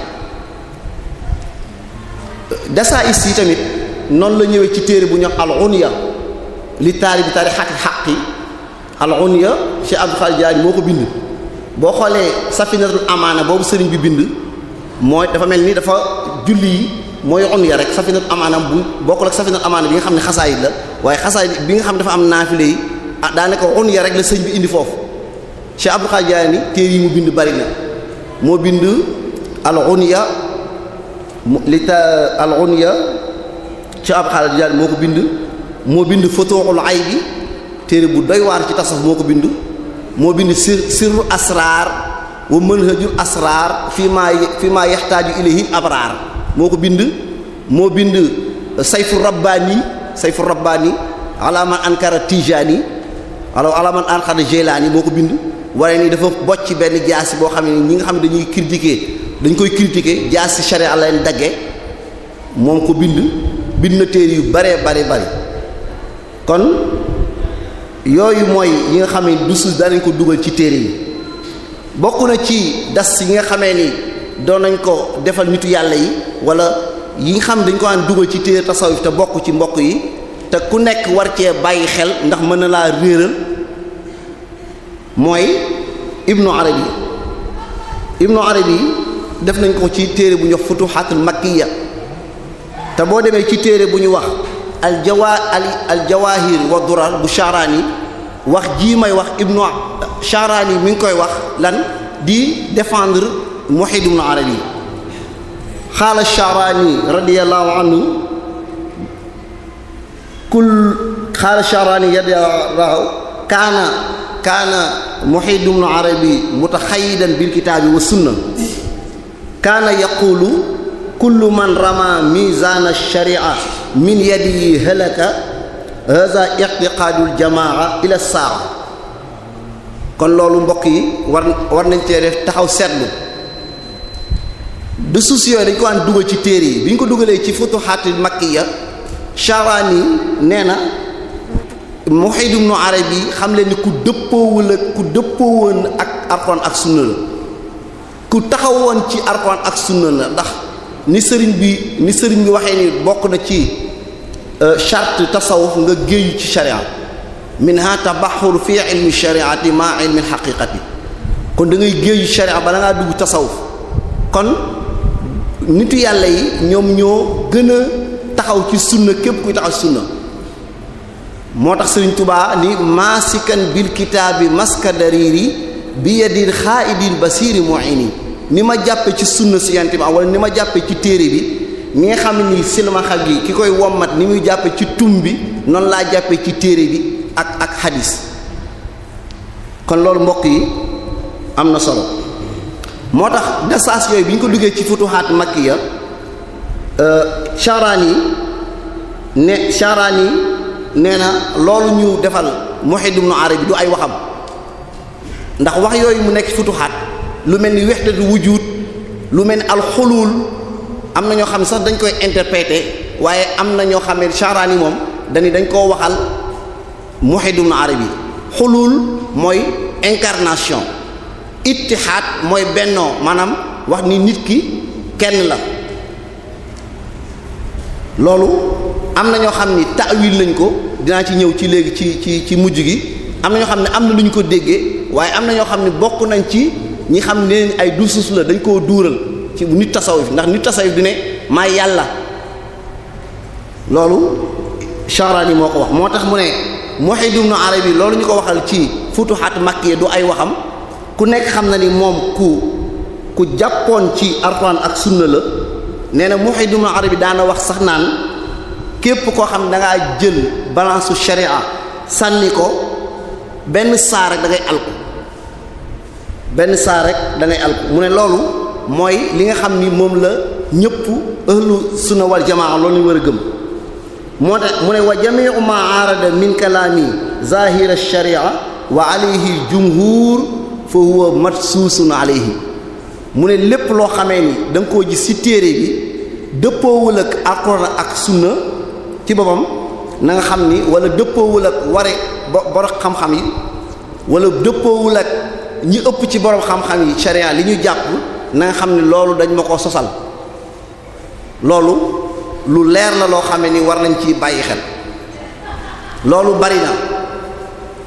dasaa'is yi tamit noonu la ñëwee ci téere bu ñu wax al-Unya li taalibi taarixati xaqi al-Unya Cheikh Abdou Khadir Jaani moo ko bind boo xoolee Safinatul Amaana boobu sëriñ bi bind mooy dafa mel ni dafa julli yi mooy on ya rek safinat amaanam bu bokkul ak safinat amaana bi nga xam ne xasaayit la waaye xasaayit bi nga xam ne dafa am naafile yi ah daanaka on ya rek la sëñ bi indi foofu Cheikh Abdou Khadir yi mu bind bari na moo bind al unya li ta al ko bind moo bind Futuhul Aybi téere bu doy waar ci tasawuf moo ko bind moo bind sir sirru asraar wa manhajul asraar fi ma fi ma yaxtaaju ilayhi abraar moo ko bind moo bind sayfu rabbaani sayfu rabbaani ala man ankara tijaani ala man ankara jelaani moo ko bind waree ni dafa bocc benn jaasi boo xam ne ñi nga xam ne dañuy critiquer dañ koy critiquer jaasi sharia leen dagge moom ko bind bind na téere yu bare bare bare kon yooyu mooy yi nga xam ne du danañ ko dugal ci téere yi bokk na ci das yi nga xamee ni doon nañ ko defal nitu yàlla yi wala yi nga xam dañ ko an dugal ci téere tasawuf te bokk ci mbokk yi te ku nekk war cee bàyyi xel ndax mën na laa réeral mooy ibnu arabi ibnu arabi def nañ ko ci téere bu ñu wax futuhatul makkiya te boo demee ci téere bu ñu wax al jawa al al jawahir wa durar bu Sharaani wax jii wax ibnu Sharani mi koy wax lan di défendre Muhyiddin Ibn Arabi xaala Sharani radiyallahu anhu kaana kaana Muhyiddin Arabi mutaxayyidan bil kitaabi wa kaana yaqulu kullu man rama mizaana shari'a min yadihi halaka haza i'tiqadul jamaa ila saa kon loolu mbokk yi war war nañ cee def taxaw seetlu de suus yooyu dañ ko daan dugal ci téere yi bi ñu ko dugalee ci ya makkiya yi nee na Muhid ibn Arabi xam leen ni ku dëppoowul ak ku dëppoowoon ak Alxuraan ak sunna la ku taxawoon ci Alxuraan ak sunna la ndax ni sëriñ bi ni sëriñ bi waxee ni bokk na ci Euh, charte tasawuf nga géeyu ci sharia minha tabaxur fi ilmi shariati ma ilmi xaqiqati kon da ngay géeyu sharia bala ngaa dugg tasawuf kon nitu yàlla yi ñoom ñoo gën a taxaw ci sunna képp kuy taxaw ci sunna moo tax Sëriñ tubaa ni maasikan bil kitaabi bi dariri bi yadil xaaidil basiri muini ni ma jàppe ci sunna si yante bi wala ni ma jàppe ci téere bi mi nga xam ni silmaxa gi ki koy wommat ni muy jàppe ci tum bi noonu laa jàppe ci téere bi ak ak xadis kon loolu mbokk yi am na solo moo tax gasaas yooyu bi ñu ko duggee ci futuhaat ya euh, Sharaani ne Sharaani nee na loolu ñu defal Muhyidd ibn Arabi du ay waxam ndax wax yooyu mu nekk futuhaat lu mel ni wahdatul wujud lu mel ni alxulul am na ñoo xam sax dañ koy interpréter waaye am na ñoo xam ne Sha'rani moom dani dañ koo waxal du Ibn bi xulul mooy incarnation ittihaad mooy bennoo maanaam wax ni nit ki kenn la loolu am na ñoo xam ni ta'wil nañ ko dinaa ci ñëw ci léegi ci ci ci mujj gi am na ñoo xam ne am na lu ñu ko dégge waaye am na ñoo xam ne bokk nañ ci ñi xam ne ay dusus la dañ koo duural. ci nit tasawuf ndax nit tasawuf du ne may yàlla loolu yi moo ko wax moo tax mu ne mu Muhyiddin Ibn Arabi loolu ñu ko waxal ci futuhat makkiya du ay waxam ku nekk xam na ni moom ku ku jàppoon ci Alxuraan ak sunna la nee na Muhyiddin Ibn Arabi daana wax sax naan képp koo xam da jël balance su sharia sànni ko benn saa rek da ngay alku benn saa rek dangay ngay alku mu ne loolu. mooy li nga xam ni moom la ñëpp ahlu sunna wal jamaa loolu ñu war a gëm moo tax mu ne wa jamiu ma aarada min kalaami zahir ash-sharia wa alayhi jumhur fa huwa matsuusun alayhi mu ne lépp loo xamee ni da nga koo gis ci téere bi dëppoowul ak alquran ak sunna ci boppam nanga xam ni wala dëppoowul ak ware borom xam-xam yi wala dëppoowul ak ñi ëpp ci borom xam-xam yi sharia li ñu jàpp nanga xam ne loolu dañ ma ko sosal loolu lu leer la loo xamee ni war nañ ci bàyyi xel loolu bari na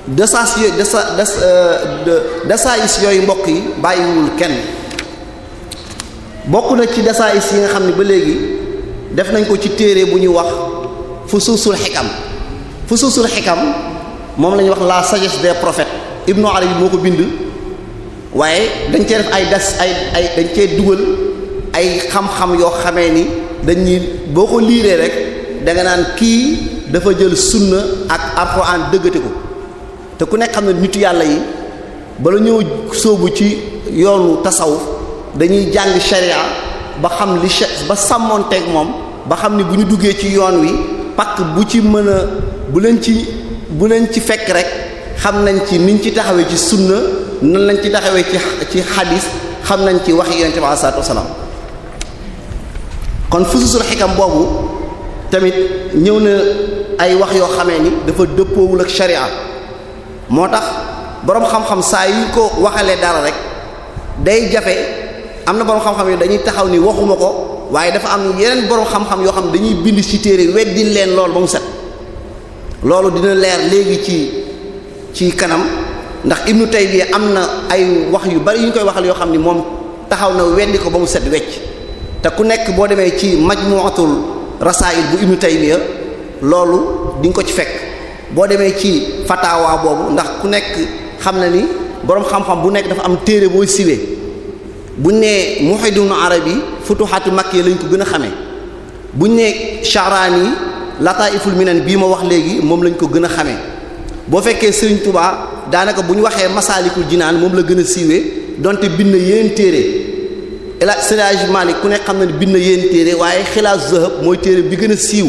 desaas yooyu desa des euh, desaais yooyu mbokk yi bàyyiwul kenn bokk na ci desaais yi nga xam ne ba léegi def nañ ko ci téere bu ñuy wax fusuusul xikam fusuusul xikam moom lañu ñuy wax la sagesse des prophètes Ibnu yi moo ko bind waaye dañ cee def ay das ay ay dañ cee dugal ay xam-xam yoo xamee ni dañuy boo ko liiree rek da naan kii dafa jël sunna ak alxuraan dëggate ko te ku nekk xam ne nitu yàlla yi bala ñëw sóobu ci yoonu tasaw dañuy jàng sharia ba xam li ba sàmmoonteeg moom ba xam ni bu ñu duggee ci yoon wi pakk bu ci mën a bu leen ci bu leen ci fekk rek xam nañ ci niñ ci taxawee ci sunna nan lañ ci taxawee ci ci xam nañ ci wax yonent bi alayhi salaatu wasalaam kon fususul xikam boobu tamit ñëw na ay wax yoo xamee ni dafa dëppoowul ak sharia moo tax boroom xam-xam saa yu ko waxalee dara rek day jafe am na boroom xam-xam dañuy taxaw ni waxuma ko waaye dafa am yeneen boroom xam-xam yoo xam dañuy bind ci téere weddin leen lool ba mu set loolu dina leer léegi ci ci kanam ndax ibnu taymiya am na ay wax yu bari yu ñu koy waxal yoo xam ni moom taxaw na weddi ko ba mu set wecc te ku nekk boo demee ci majmu'atul rasail bu ibnu taymiya loolu di nga ko ci fekk boo demee ci fatawa boobu ndax ku nekk xam na ni boroom xam-xam bu nekk dafa am téere booy siwee buñ nee muhyiddin arabi mag yi lañ ko gën a xamee buñ nee Sha'rani lataiful minan bii ma wax léegi moom lañ ko gën a xamee boo fekkee Serigne Touba daanaka bu ñu waxee masaalikul jinaan moom la gën a siiwee donte bind yéen téere El Hadj Malick ku ne xam na ne bind yéen téere waaye xilaas zahab mooy téere bi gën a siiw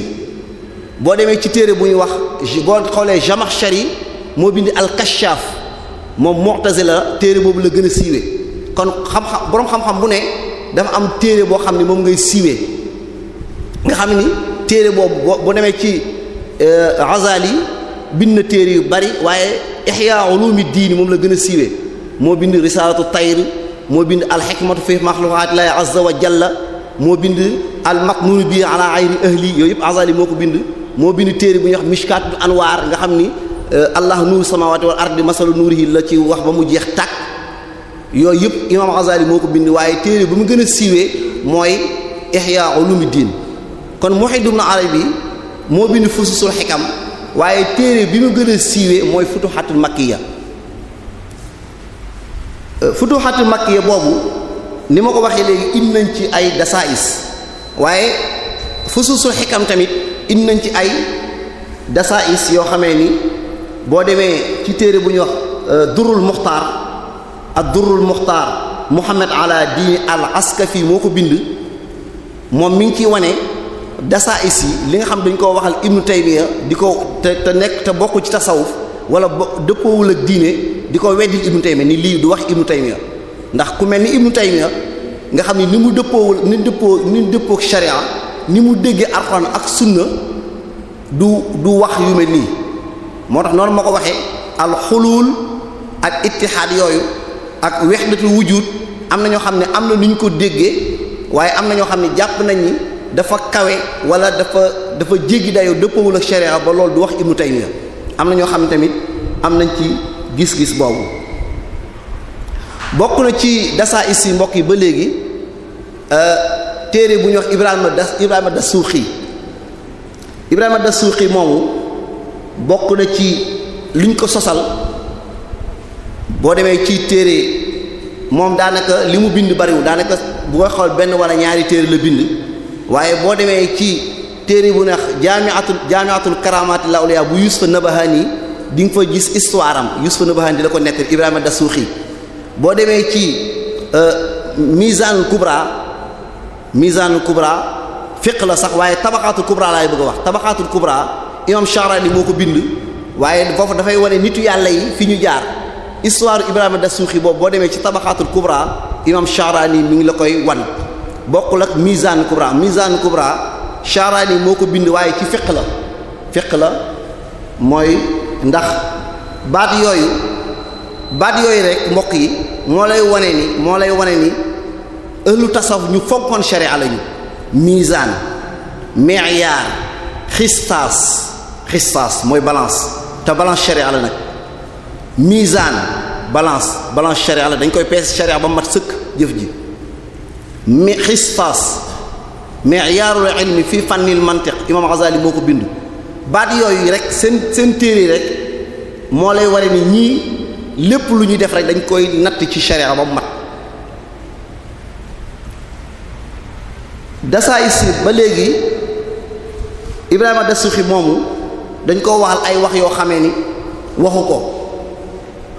boo demee ci téere bu ñu wax boo xoolee Jamakhshari moo bind al-Kashaf moom Mu'tazila la téere boobu la gën a siiwee kon xam-xam boroom xam-xam bu ne dafa am téere boo xam ne moom ngay siiwee nga xam ni téere boobu boo boo demee ci euh, Ghazali bind na téere yu bari waaye ihya ulumi diini moom la gën a siiwee moo bind risalatu tayr moo bind alxikmatu fi maxluqaatillahi azza wa jalla moo bind al maqnun bi ala ayri ahli yooyu yëpp Azali moo ko bind moo bind téere bu ñuy wax mishkatul anwaar nga xam ni euh, allah nuuru samawati wal ardi masalu nuurihi la ci wax ba mu jeex tàkk yooyu yëpp imaam Azali moo ko bind waaye téere bu mu gën a siiwee mooy ihya ulumi diin kon moo bind fususul xikam waaye téere bi mu gën a siiwee mooy futuxatul makkiya euh, futuxatul makkiya boobu ni ma ko waxee léegi indi nañ ci ay dasaais waaye fusuusul xikam tamit indi nañ ci ay dasaais yoo xamee ni boo demee ci téere bu ñuy wax euh, durrul muxtaar ak durrul muxtaar muhammad ala diini al askafi moo ko bind moom mi ngi ciy wane dasa is yi li nga xam dañ koo waxal ibnu taymiya di ko te te nekk te bokk ci tasawuf wala bo dëppoowul ak diine di ko weddil ibnu taymiya ni lii du wax ibnu taymiya ndax ku mel ni ibnu taymiya nga xam ni ni mu dëppoowul ni dëppoo ni dëppook sharia ni mu déggee alxuraan ak sunna du du wax yu mel nii moo tax noonu ma ko waxee alxuluul ak ittihaad yooyu ak wahdatul wujud am na ñoo xam ne am na nu ñu ko déggee waaye am na ñoo xam ne jàpp nañ ni dafa kawe wala dafa dafa jéggi dayoo dëppawul ak sharia ba loolu du wax ibnu taymiya am na ñoo xam ne tamit am nañ ci gis-gis boobu bokk na ci dasaa isi mbokk yi ba léegi euh, téere bu ñuy wax ibrahima da ibrahima dasuuxi ibrahima dasuuxi moomu bokk na ci luñ ko sosal boo demee ci téere moom daanaka li mu bind bariwul daanaka bu koy xool benn wala ñaari téere la bind waaye boo demee ci téere bu neex jaamiatul jaamiatul karamatil awliya bu Yusufa Nabahani di nga fa gis histoire am Yusufa Nabahani di la ko nettali Ibrahima Dasuuxi boo demee ci euh, Mizanul Kubra Mizanul Kubra fiq la sax waaye tabaxaatul Kubra laay bëgg a wax tabaxaatul Kubra imam Sha'rani moo ko bind waaye foofu dafay wane nitu yàlla yi fi ñu jaar histoire Ibrahima Dasuuxi boobu boo demee ci tabaxaatul Kubra imam Sha'rani mi ngi la koy wan. bokkul ak mizan kubra mizan kubra yi moo ko bind waaye ci fiq la fiq la mooy ndax baat yooyu baat yooyu rek mbokk yi moo lay wane ni moo lay wane ni ëllu tasawuf ñu fonkoon sharia lañu mizan mi'yar xistaas xistaas mooy balance te balance sharia la nag mizan balance balance sharia la dañ koy peese sharia ba mat sëkk jëf ji mi xistas mi'yarul ilmi fii fannil mantiq imam Ghazali moo ko bindu baat yooyu rek seen seen téere rek moo lay ware ni ñii lépp lu ñuy def rek dañ koy natt ci sharia ba mu mat dasaayis ba léegi Ibrahima Dasuxi moomu dañ ko waxal ay wax yoo xamee ni waxu ko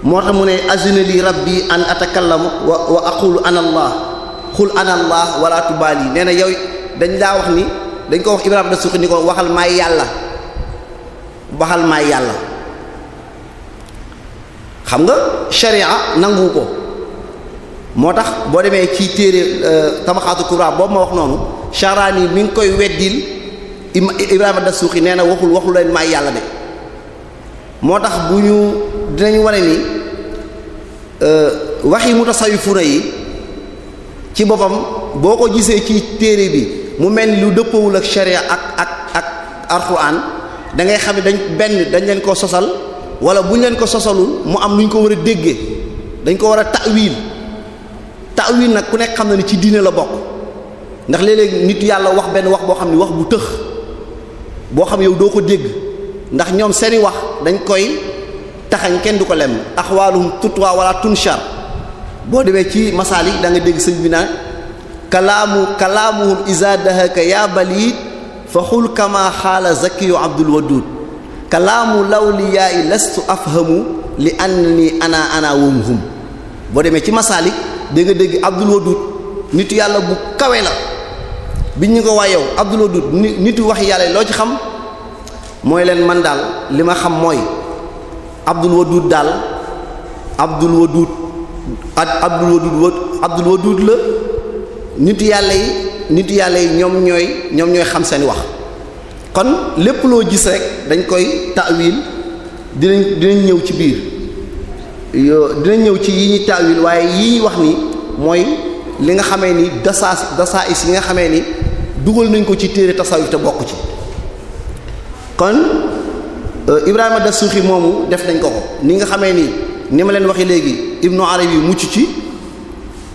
moo tax mu ne azina li rabbi an atakallamu wa wa aqulu ana allah xul ana allah wala tubaali nee na yow dañ laa wax ni dañ ko wax Ibrahima da suqi ni ko waxal maay yàlla waxal maay yàlla xam nga sharia nangu ko moo tax boo demee ci téere euh, tabaxaatu kubra boobu ma wax noonu Sharani mi ngi koy weddil Ibrahima da suqi nee na waxul waxul leen maay yàlla de moo tax bu ñu dinañ wane ni euh, wax yi mutasawifuna yi ci boppam boo ko gisee ci téere bi mu mel ni lu dëppawul ak sharia ak ak ak alxuraan dangay xam ne dañ benn dañ leen ko sosal wala buñ leen ko sosalul mu am lu ñu ko war a déggee dañ ko war a ta'wil ta'wil nag ku nekk xam na ni ci diine la bokk ndax léeg-léeg nit yàlla wax benn wax boo xam ne wax bu tëx boo xam yow doo ko dégg ndax ñoom seeni wax dañ koy taxañ kenn du ko lem axwaaluhum tutwa wala tunshar boo demee ci masaal danga dégg sëñ bi naan kalaamu kalaamuhum isa dahaka fa xul kama xaala zakiyu abdul wadud kalaamu lawliyaai lastu afhamu li annani ana ana wamhum boo demee ci masaalik da nga dégg abdul wadud nitu yàlla bu kawe la bi ñu ko waayow abdul wadud ni nitu wax yàlla loo ci xam mooy leen man daal li ma xam mooy abdul wadud daal abdul wadud ad abdul wadud abdul wadud la nitu yàlla yi nitu yàlla yi ñoom ñooy ñoom ñooy xam seen wax kon lépp loo gis rek dañ koy taawil dinañ dinañ ñëw ci biir dinañ ñëw ci yi ñuy taawil waaye yi ñuy wax ni mooy li nga xamee ni dasa dasaas dasaais yi nga xamee ni dugal nañ ko ci téere tasawuf te bokk ci kon euh, Ibrahima Dasuuxi moomu def nañ ko ko ni nga xamee ni ni ma leen waxee léegi ibnu yu mucc ci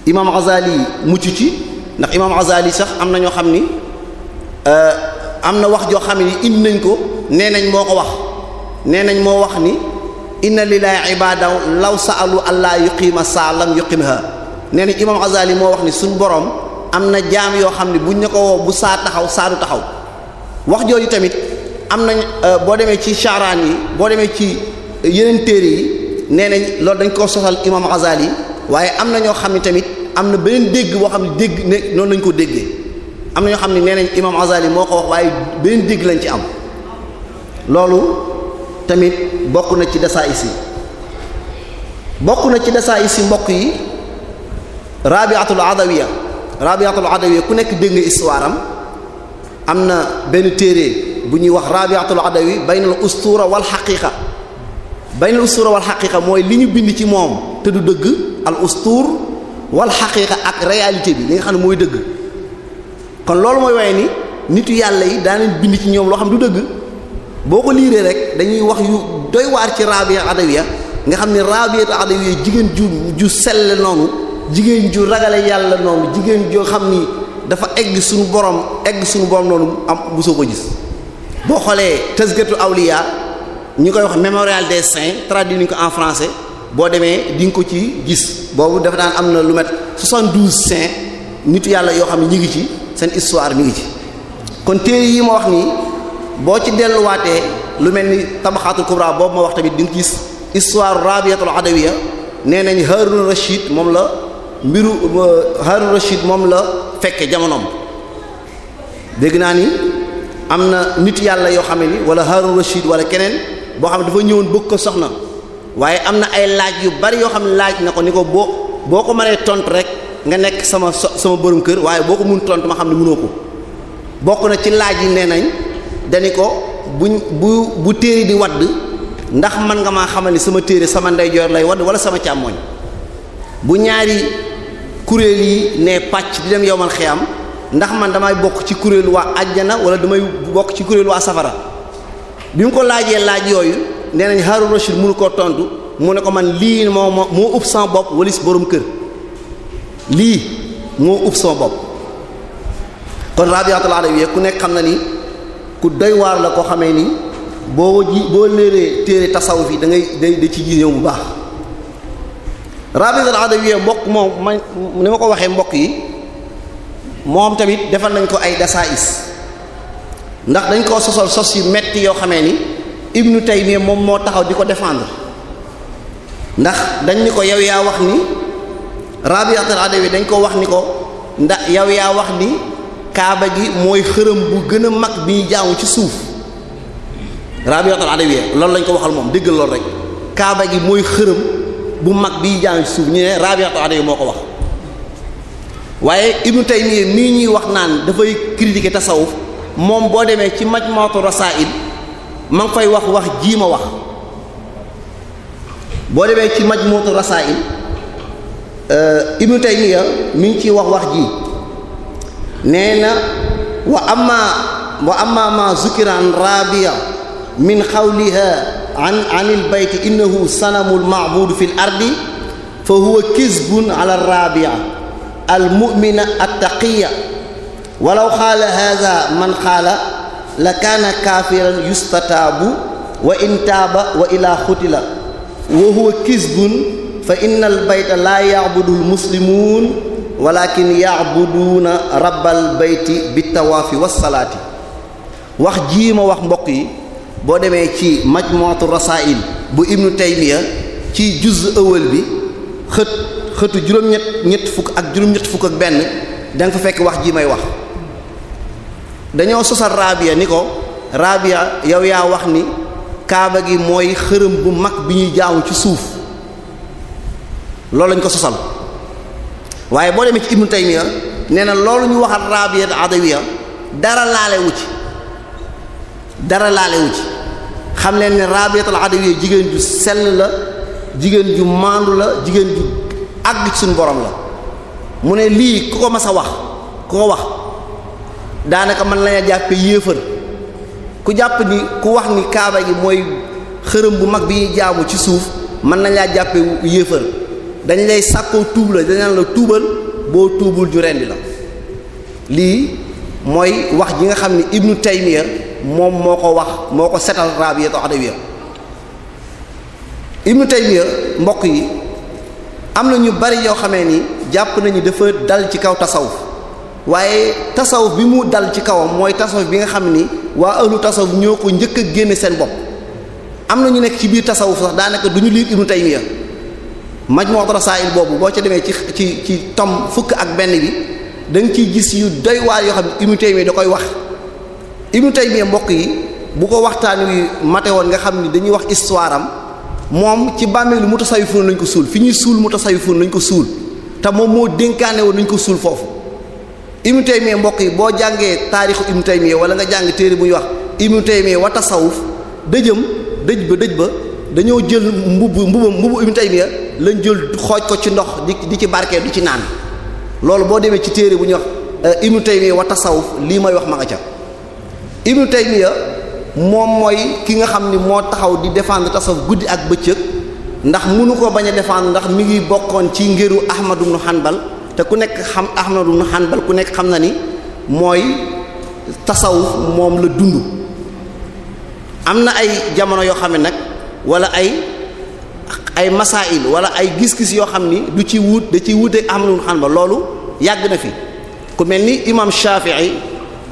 imam Ghazali mucc ci ndax imam asali sax am na ñoo xam ni euh, am na wax joo xam ni indi nañ ko nee nañ moo ko wax nee nañ moo wax ni inna lillahi ibadan law sa sa'alu alla yuqima saa lam yuqimha nee nañ imam Ghazali moo wax ni suñ borom am na jaam yoo xam ne buñ ne ko bu saa taxaw saa du taxaw wax jooju tamit am nañ euh, boo demee ci charaan yi boo demee ci yeneen téere yi nee nañ loolu dañ koo sosal imam Ghazali waaye am na ñoo xam ne tamit am na beneen dégg boo xam ne dégg ne noonu lañ ko déggee am na ñoo xam ne nee nañ imam Ghazali moo ko wax waaye beneen dégg lañ ci am loolu tamit bokk na ci dasaa isi bokk na ci dasaa isi mbokk yi rabiatul adawiya rabiatul adawiya ku nekk dégg nga histoire am na benn téere bu ñuy wax rabiatul adawi baynal ustura wal haqiqa baynal ustuura wal xaqiiqa mooy li ñu bind ci moom te du dëgg al ustuur wal xaqiiqa ak réalité bi li nga xam ne mooy dëgg kon loolu mooy waaye ni nitu yàlla yi daaneen bind ci ñoom loo xam du dëgg boo ko liiree rek dañuy wax yu doy waar ci Rabi'a Adawiya nga xam ne Rabi'a Adawiya jigéen ju ju sell noonu jigéen ju ragale yàlla noonu jigéen joo xam ni dafa egg suñu borom egg suñu borom noonu am bu soo ko gis boo xoolee tasgatu awliya ñu koy wax mémorial des saints traduit nañu ko en français boo demee di nga ko ci gis boobu dafa daan am na lu mat 72 saints nit yàlla yoo xam ne ñu ngi ci seen histoire mi ngi ci kon téere yi ma wax nii boo ci delluwaatee lu mel ni tabaxaatul kubra boobu ma wax tamit di nga gis histoire rabiatul adawiya nee nañ Harun Rashid moom la mbiru Harun Rashid moom la fekke jamonoom dégg naa ni am na nit yàlla yoo xam ne ni wala Harun Rashid wala keneen boo xam ne dafa ñëwoon bëgg ko soxna waaye am na ay laaj yu bari yoo xam ne laaj na ko ni ko boo boo ko mënee tontu rek nga nekk sama sama borom kër waaye boo ko mun tontu ma xam ne mënoo ko bokk na ci laaj yi nee nañ dañu ko buñ bu bu téere di wadd ndax man nga maa xamal ni sama téere sama ndeyjoor lay wadd wala sama càmmoñ bu ñaari kuréel yi ne pàcc di dem yowmal xiyam ndax man damay bokk ci kuréel waa àjjana wala damay bokk ci kuréel waa safara bi mu ko laajee laaj yooyu nee nañ Haarun Rashid mënu koo tontu mu ne ko man lii moo moo moo ub sama bopp walis boroom kër lii moo ub sama bopp kon radiyallahu anhu ku nekk xam na ni ku doy waar la koo xame ni boo ji boo léeree téere tasawuf yi da day da ci ji ñëw bu baax radiyallahu anhu mbokk moom ma ni ma ko waxee mbokk yi moom tamit defal nañ ko ay dasaïs ndax dañ ko sosal sos yu metti yoo xamee ni ibnu taymiya moom moo taxaw di ko défendre ndax dañ ni ko yow yaa wax ni rabiatul adawi dañ ko wax ni ko ndax yow yaa wax ni kaaba gi mooy xërëm bu gën a mag bi ñu ci suuf rabiatul adawi loolu lañ ko waxal moom déggal loolu rek kaaba gi mooy xërëm bu mag bi ñu ci suuf ñu ne rabiatul adawi moo ko wax waaye ibnu taymiya mii ñuy wax naan dafay critiquer tasawuf moom boo demee ci majmuatu rasail ma ngi fay wax wax jii ma wax boo demee ci majmuatu rasail euh, ibnu taymiya mi ngi ciy wax wax ji nee na wa amma wa amma ma zukira an rabia min xawliha an an il bayt innahu sanamu lmaabudu fi l fa huwa kisbun ala rabia al mumina walaw xaala hada man xaala la kaana kaafiran yustataabu wa in taaba wa ilaa xutila wa huwa kisbun fa inna albayta laa yacbudu almuslimuun walakin yacbuduuna rabbal bayti bitawaafi wassalaati wax jii ma wax mbokk yi boo demee ci majmuatu rasail bu ibnu taymiya ci juz awal bi xët xëtu juróom-ñett ñett fukk ak juróom-ñett fukk ak benn da nga fa fekk wax jii may wax dañoo sosal Rabia ni ko Rabia yow yaa wax ni kaaba gi mooy xërëm bu mag bi ñuy jaamu ci suuf loolu lañ ko sosal waaye boo demee ci Ibnu Taymiya nee na loolu ñu waxal Rabia Adawiya dara laalewu ci dara laalewu ci xam leen ne Rabiatul Adawiya jigéen ju sell la jigéen ju maandu la jigéen ju àgg ci suñu borom la mu ne lii ku ko mas a wax ku ko wax daanaka mën lañu jàppe yéefar ku jàpp ni ku wax ni kaaba gi mooy xërëm bu mag bi ñuy jaamu ci suuf mën nañ laa jàppe yéefar dañ lay sàkkoo tuub la dañ la tuubal boo tuubul ju rendi la lii mooy wax ji nga xam ni ibnu taymiya moom moo ko wax moo ko setal rabiya taxdawiya ibnu taymiya mbokk yi am na ñu bari yoo xamee ni jàpp nañu dafa dal ci kaw tasaw waaye tasawuf bi mu dal ci kawam mooy tasawuf bi nga xam ni waa ahlu tasawuf ñoo ko njëkk a génn seen bopp am na ñu nekk ci biir tasawuf sax daanaka du ñu liir ibnu taymiya majmu' rasaa'il boobu boo ca demee ci ci ci tom fukk ak benn bi da ciy gis yu doy yoo xam ne ibnu da koy wax ibnu taymiya mbokk yi bu ko waxtaan mate woon nga xam ni dañuy wax histoire am moom ci bàmmeelu mutasawwifoon lañ ko suul fi ñuy suul mutasawwifoon lañ ko suul te moom moo dénkaane woon nañ ko suul foofu Ibnu Taymiyya mbokk yi boo jàngee taarixu Ibnu Taymiyya wala nga jàng téere buy wax Ibnu Taymiyya wa tasawuf dëjëm dëj ba dëj ba dañoo jël mbubb mbubb mbubb Ibnu Taymiyya lañ jël xooj ko ci ndox di di ci barkee du ci naan loolu boo demee ci téere bu ñuy wax euh, Ibnu Taymiyya wa tasawuf lii may wax ma nga ca moom mooy ki nga xam ni moo taxaw di défendre tasawuf guddi ak bëccëg ndax mënu ko bañ a défendre ndax mi ngi bokkoon ci ngëru Ahmad ibn Hanbal te ku nekk xam Ahmad ibn Hanbal ku nekk xam na ni mooy tasawuf moom la dund am na ay jamono yoo xam ne nag wala ay ay masail wala ay gis-gis yoo xam ni du ci wut da ciy wuuteeg Ahmad ibn Hanbal loolu yàgg na fi ku mel ni imam Shafi'i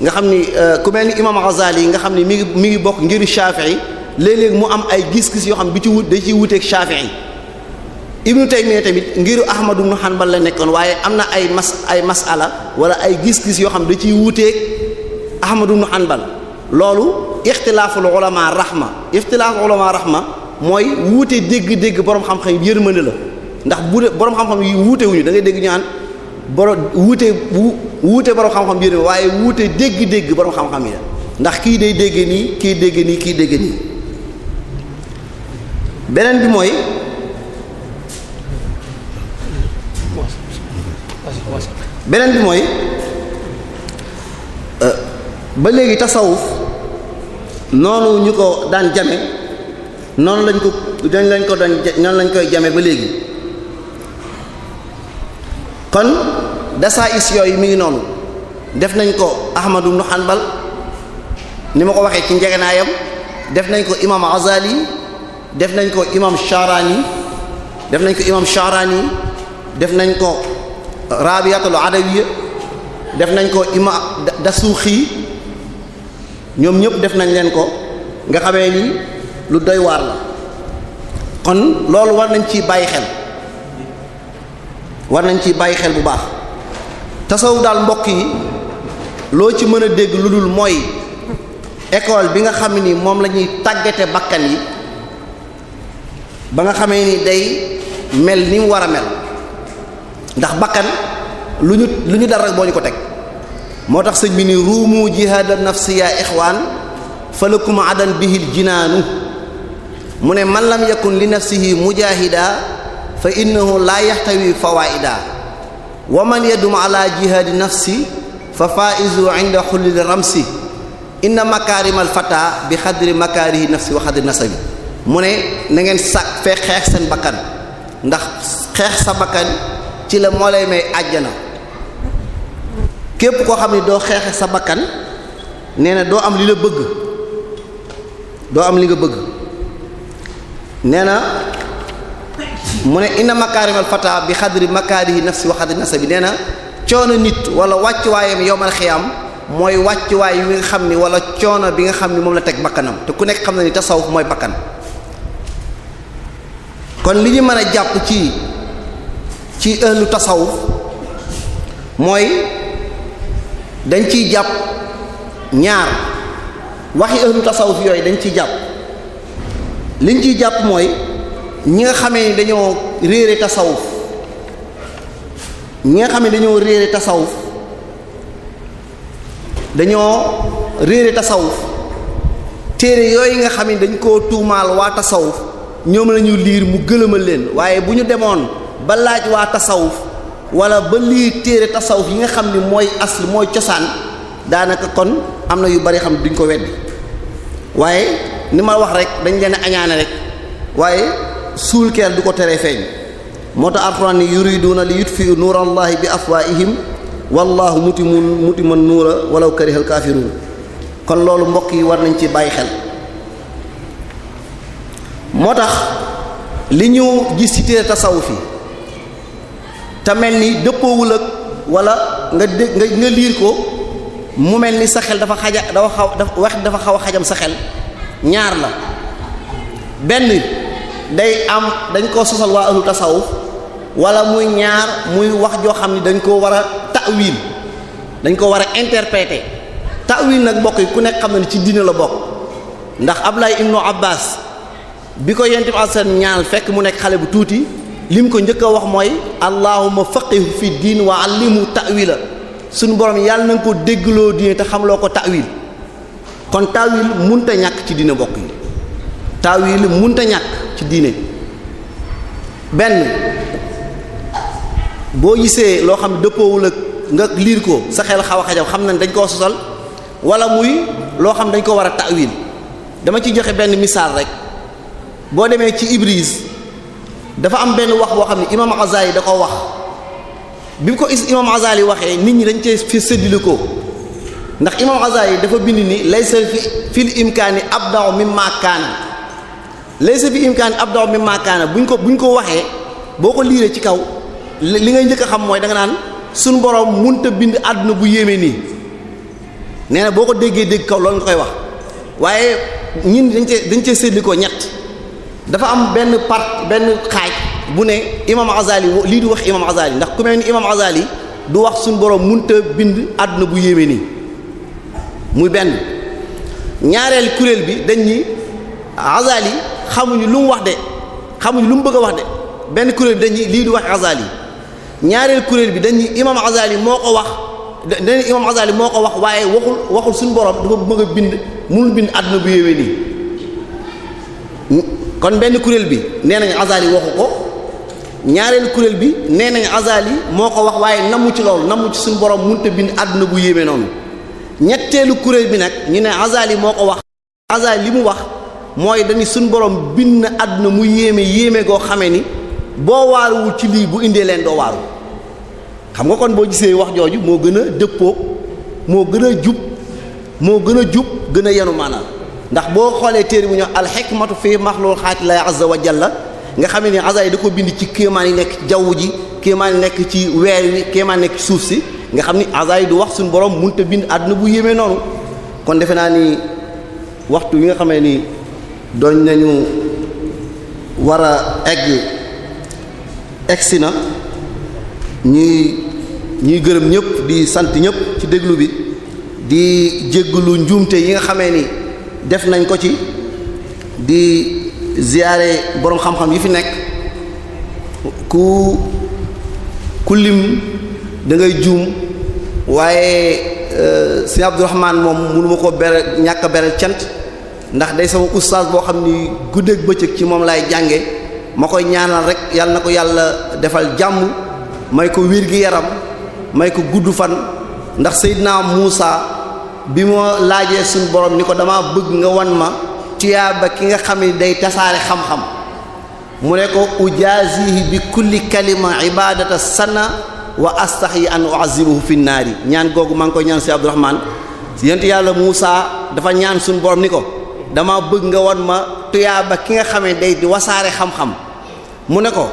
nga xam ni euh, ku mel ni imam Ghazali nga xam ni mi ngi mi ngi bokk ngir Shafi'i léeg-léeg mu am ay gis-gis yoo xam ne du ci wut da ciy wuuteeg Shafi'i ibnu taymiya tamit ngiru ahmad ibn hanbal la nekkoon waaye am na ay mas ay mas masala wala ay gis-gis yoo xam da ciy wuuteeg ahmad ibn hanbal loolu ixtilaaful ulama rahma ixtilaaful ulama rahma mooy wuute dégg-dégg borom xam-xam yi yërmande la ndax bu borom xam-xam yi wuute wuñu dégg ñu naan borom wuute wuute borom xam-xam waaye wuute dégg-dégg borom xam-xam yi ndax kii day dégg nii kii dégg nii kii dégg nii beneen bi mooy. beneen bi mooy euh, ba léegi tasawuf noonu ñu ko daan jame noonu lañ ko lañ ko doon noonu lañ koy jame ba léegi kon dasaa is yi mi ngi noonu def nañ ko Ahmadu ibn Hanbal ni ma ko waxee ci njegenaayam def nañ ko imam Azali def nañ ko imam Sharani def nañ ko imam Sharani def nañ ko rabiatul adawiya def nañ ko ima dasuuxi ñoom ñëpp def nañ leen ko nga xamee ni lu doy waar la kon loolu war nañ ci bàyyi xel war nañ ci bàyyi xel bu baax tasawuf daal mbokk yi loo ci mën a dégg lu dul mooy école bi nga xam ni moom lañuy tàggate bakkan yi ba nga xamee ni day mel ni mu war a mel ndax bakkan lu ñu lu ñu dal rek moo ñu ko teg moo tax sëñ bi ni ruumu jihaada nafsi ya ixwaan falakum adan bihil jinaanu mu ne man lam yakun li nafsihi mujahida fa innahu la yaxtawi fawaida wa man yadum ala jihaadi nafsi fa faizu inda inna makaarimal fata bi xadri makaarihi nafsi wa xadri nasabi mu ne na ngeen sàkk fee xeex seen bakkan ndax xeex sa bakkan ci la moo lay may àjjana képp koo xam ne doo xeexee sa bakkan nee na doo am li la bëgg doo am li nga bëgg nee na mu ne inna makaarimal fata bi xadri makaarihi nafsi wa xadri bi nee na coono nit wala wàccuwaayam yowmal xiyaam mooy wàccuwaay yu nga xam ni wala coono bi nga xam ni moom la teg bakkanam te ku nekk xam na ni tasawuf mooy bakkan kon li ñu mën a jàpp ci ci ëllu tasawuf mooy dañ ciy jàpp ñaar waxi ëllu tasawuf yooyu dañ ciy jàpp liñ ciy jàpp mooy ñi nga xam ni dañoo réere tasawuf ñi nga xam xamee dañoo réere tasawuf dañoo réere tasawuf téere yooyu nga xam ne dañ koo tuumaal waa tasawuf ñoom lañu liir mu gëlëmal leen waaye bu ñu demoon ba laaj waa tasawuf wala ba lii téere tasawuf yi nga xam ni mooy asl mooy cosaan daanaka kon am na yu bari xam duñ ko weddi waaye ni ma wax rek dañ leen añaane rekk waaye suul keer du ko teree feeñ moo tax alxuraan ni na li fi nuurallahi bi afwaahihim wallahu mutimun mutiman nuura walaw karihal kaafiruun kon loolu mbokk yi war nañ ci bàyyi xel moo tax li ñu gis ci téere tasawuf yi te mel ni dëppoowul ak wala nga dé nga nga liir ko mu mel ni sa xel dafa xaja dafa xaw wax dafa xaw a xajam sa xel ñaar la benn day am dañ koo sosal waa ahlu tasawuf wala muy ñaar muy wax joo xam ni dañ koo war a ta'wil dañ koo war a interpréter ta'wil nag mbokk yi ku nekk xam na ni ci diine la bokk ndax ab Abdullah ibnu Abbas bi ko yentim alseen ñaal fekk mu nekk xale bu tuuti lim ko njëkk a wax mooy allahuma faqihu fi diin wa mu ta'wila suñu borom yàlla na nga ko déggloo diine te xamloo ko ta'wil kon ta'wil munta ñàkk ci diine bokk yi ta'wil munta ñàkk ci diine benn boo gisee loo xam dëppoowul ak nga liir ko sa xel xaw a xajam xam nañ dañ koo sosal wala muy loo xam dañ ko war a ta'wil dama ci joxe benn misaal rek boo demee ci Ibris dafa am benn wax boo xam ne imam Azali da ko wax bi ko is imam yi waxee nit ñi dañ cee fi séddale ko ndax imam Azali dafa bind ni laysa fi fil imkaani abda'u mimma kaana laysa fi imkaani abda'u mimma kaana buñ ko buñ ko waxee boo ko liiree ci kaw li ngay njëkk a xam mooy danga nga naan suñu borom munta bind àdduna bu yéeme nii nee na boo ko déggee dégg kaw loolu nga koy wax waaye ñin dañ cee dañ cee séddale ko ñett. dafa am benn part benn xaaj bu ne imam asali lii du wax imam Azali ndax ku mel ni imam Azali du wax suñu borom munta bind àdduna bu yéeme nii muy benn ñaareel kuréel bi dañ ni xamuñu lu mu wax de xamuñu lu mu bëgg a wax de benn kuréel bi dañ lii du wax asali ñaareel kuréel bi dañ ni imam moo ko wax dañ ni imam moo ko wax waaye waxul waxul suñu borom dafa bëgg a bind mënul bind àdduna bu yéeme nii. kon benn kuréel bi nee nañu Azali waxu ko ñaareelu kuréel bi nee nañ Azali moo ko wax waaye namu ci loolu namu ci suñ borom mënut a bind àdduna bu yéeme noonu ñetteelu kuréel bi nag ñu ne Azali moo ko wax Azali li mu wax mooy dañu suñ borom bind na àdduna mu yéeme yéeme goo xamee ni boo waaruwul ci lii bu indee leen doo waaru xam nga kon boo gisee wax jooju moo gën a dëppoo moo gën a jub moo gën a jub gën a yenu maanaam ndax boo xoolee téere bu ñu alxikmatu fii maxluqaati laahi azza wa jalla nga xam ne azay da ko bind ci kéemaan yi nekk ci jaww ji kéemaan yi nekk ci weer wi kéemaan nekk ci suuf si nga xam ni azay du wax suñu borom mënut a bind àdduna bu yéemee noonu kon defe naa ni waxtu yi nga xame ni doñ nañu wara a egg eggsi na ñuy ñuy gërëm ñëpp di sant ñëpp ci déglu bi di jégglu njuumte yi nga xamee ni def nañ ko ci di ziyaare boroom xam-xam yi fi nekk ku ku lim dangay juum waaye euh, sëñ Abdourahman moom mënu ma ko bere ñàkk a berel ndax day sama oustaz boo xam ni guddeeg bëccëg ci moom laay jànge ma koy ñaanal rek yàlla na ko yàlla defal jàmm may ko wiir gi yaram may ko gudd fan ndax Seydina Muusa bi ma laajee suñ borom ni ko dama bëgg nga wan ma tuyaaba ki nga xam ne day tasaare xam-xam mu ne ko ujazihi bi kulli kalima ibadata sana wa astax astahi an u'azimuhu fi yi ñaan googu maa ngi koy ñaan si Abdurahman yent yàlla Muusa dafa ñaan suñ borom ni ko dama bëgg nga wan ma tuyaaba ki nga xam ne day wasaare xam-xam mu ne ko